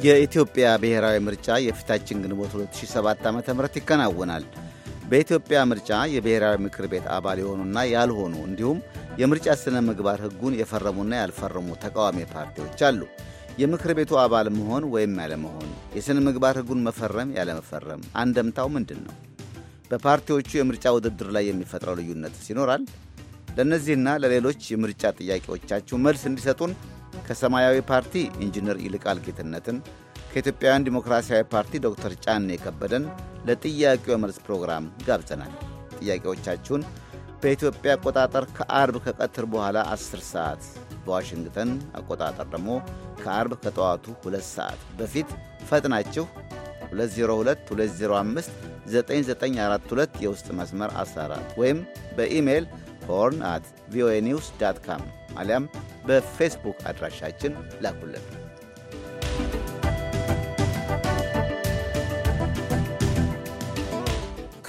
የኢትዮጵያ ብሔራዊ ምርጫ የፊታችን ግንቦት 2007 ዓ ም ይከናወናል። በኢትዮጵያ ምርጫ የብሔራዊ ምክር ቤት አባል የሆኑና ያልሆኑ እንዲሁም የምርጫ ስነ ምግባር ሕጉን የፈረሙና ያልፈረሙ ተቃዋሚ ፓርቲዎች አሉ። የምክር ቤቱ አባል መሆን ወይም ያለመሆን፣ የሥነ ምግባር ሕጉን መፈረም ያለመፈረም አንደምታው ምንድን ነው? በፓርቲዎቹ የምርጫ ውድድር ላይ የሚፈጥረው ልዩነት ይኖራል? ለእነዚህና ለሌሎች የምርጫ ጥያቄዎቻችሁ መልስ እንዲሰጡን ከሰማያዊ ፓርቲ ኢንጂነር ይልቃል ጌትነትን ከኢትዮጵያውያን ዲሞክራሲያዊ ፓርቲ ዶክተር ጫኔ ከበደን ለጥያቄው መልስ ፕሮግራም ጋብዘናል። ጥያቄዎቻችሁን በኢትዮጵያ አቆጣጠር ከአርብ ከቀትር በኋላ 10 ሰዓት በዋሽንግተን አቆጣጠር ደግሞ ከአርብ ከጠዋቱ 2 ሰዓት በፊት ፈጥናችሁ 2022059942 የውስጥ መስመር 14 ወይም በኢሜይል ሆርን አት ቪኦኤ ኒውስ ዳት ካም አሊያም በፌስቡክ አድራሻችን ላኩልን።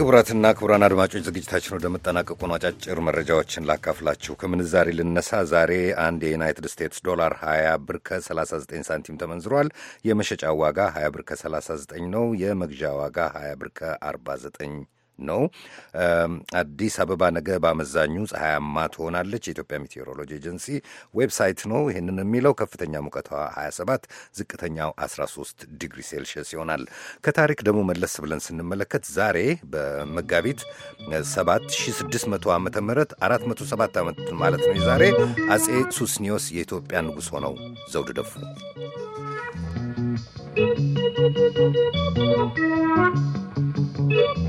ክቡራትና ክቡራን አድማጮች ዝግጅታችን ወደ መጠናቀቁ ነው። አጫጭር መረጃዎችን ላካፍላችሁ። ከምንዛሬ ልነሳ። ዛሬ አንድ የዩናይትድ ስቴትስ ዶላር 20 ብር ከ39 ሳንቲም ተመንዝሯል። የመሸጫ ዋጋ 20 ብር ከ39 ነው። የመግዣ ዋጋ 20 ብር ከ49 ነው። አዲስ አበባ ነገ በአመዛኙ ፀሐያማ ትሆናለች። የኢትዮጵያ ሜቴሮሎጂ ኤጀንሲ ዌብሳይት ነው ይህንን የሚለው። ከፍተኛ ሙቀቷ 27፣ ዝቅተኛው 13 ዲግሪ ሴልሽየስ ይሆናል። ከታሪክ ደግሞ መለስ ብለን ስንመለከት ዛሬ በመጋቢት 7600 ዓ ም 407 ዓመት ማለት ነው የዛሬ አጼ ሱስኒዮስ የኢትዮጵያ ንጉሥ ሆነው ዘውድ ደፉ። Thank you.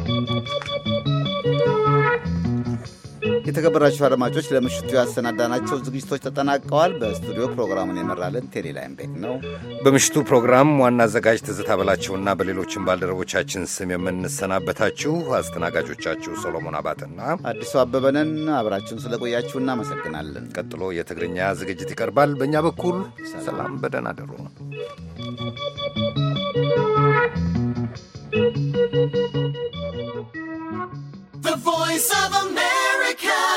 የተከበራችሁ አድማጮች ለምሽቱ ያሰናዳናቸው ዝግጅቶች ተጠናቀዋል። በስቱዲዮ ፕሮግራሙን የመራልን ቴሌላይም ቤት ነው። በምሽቱ ፕሮግራም ዋና አዘጋጅ ትዝታ በላቸውና በሌሎችም ባልደረቦቻችን ስም የምንሰናበታችሁ አስተናጋጆቻችሁ ሰሎሞን አባትና አዲሱ አበበንን አብራችሁን ስለቆያችሁ እናመሰግናለን። ቀጥሎ የትግርኛ ዝግጅት ይቀርባል። በእኛ በኩል ሰላም፣ በደህና አደሩ ነው። The voice of a man America.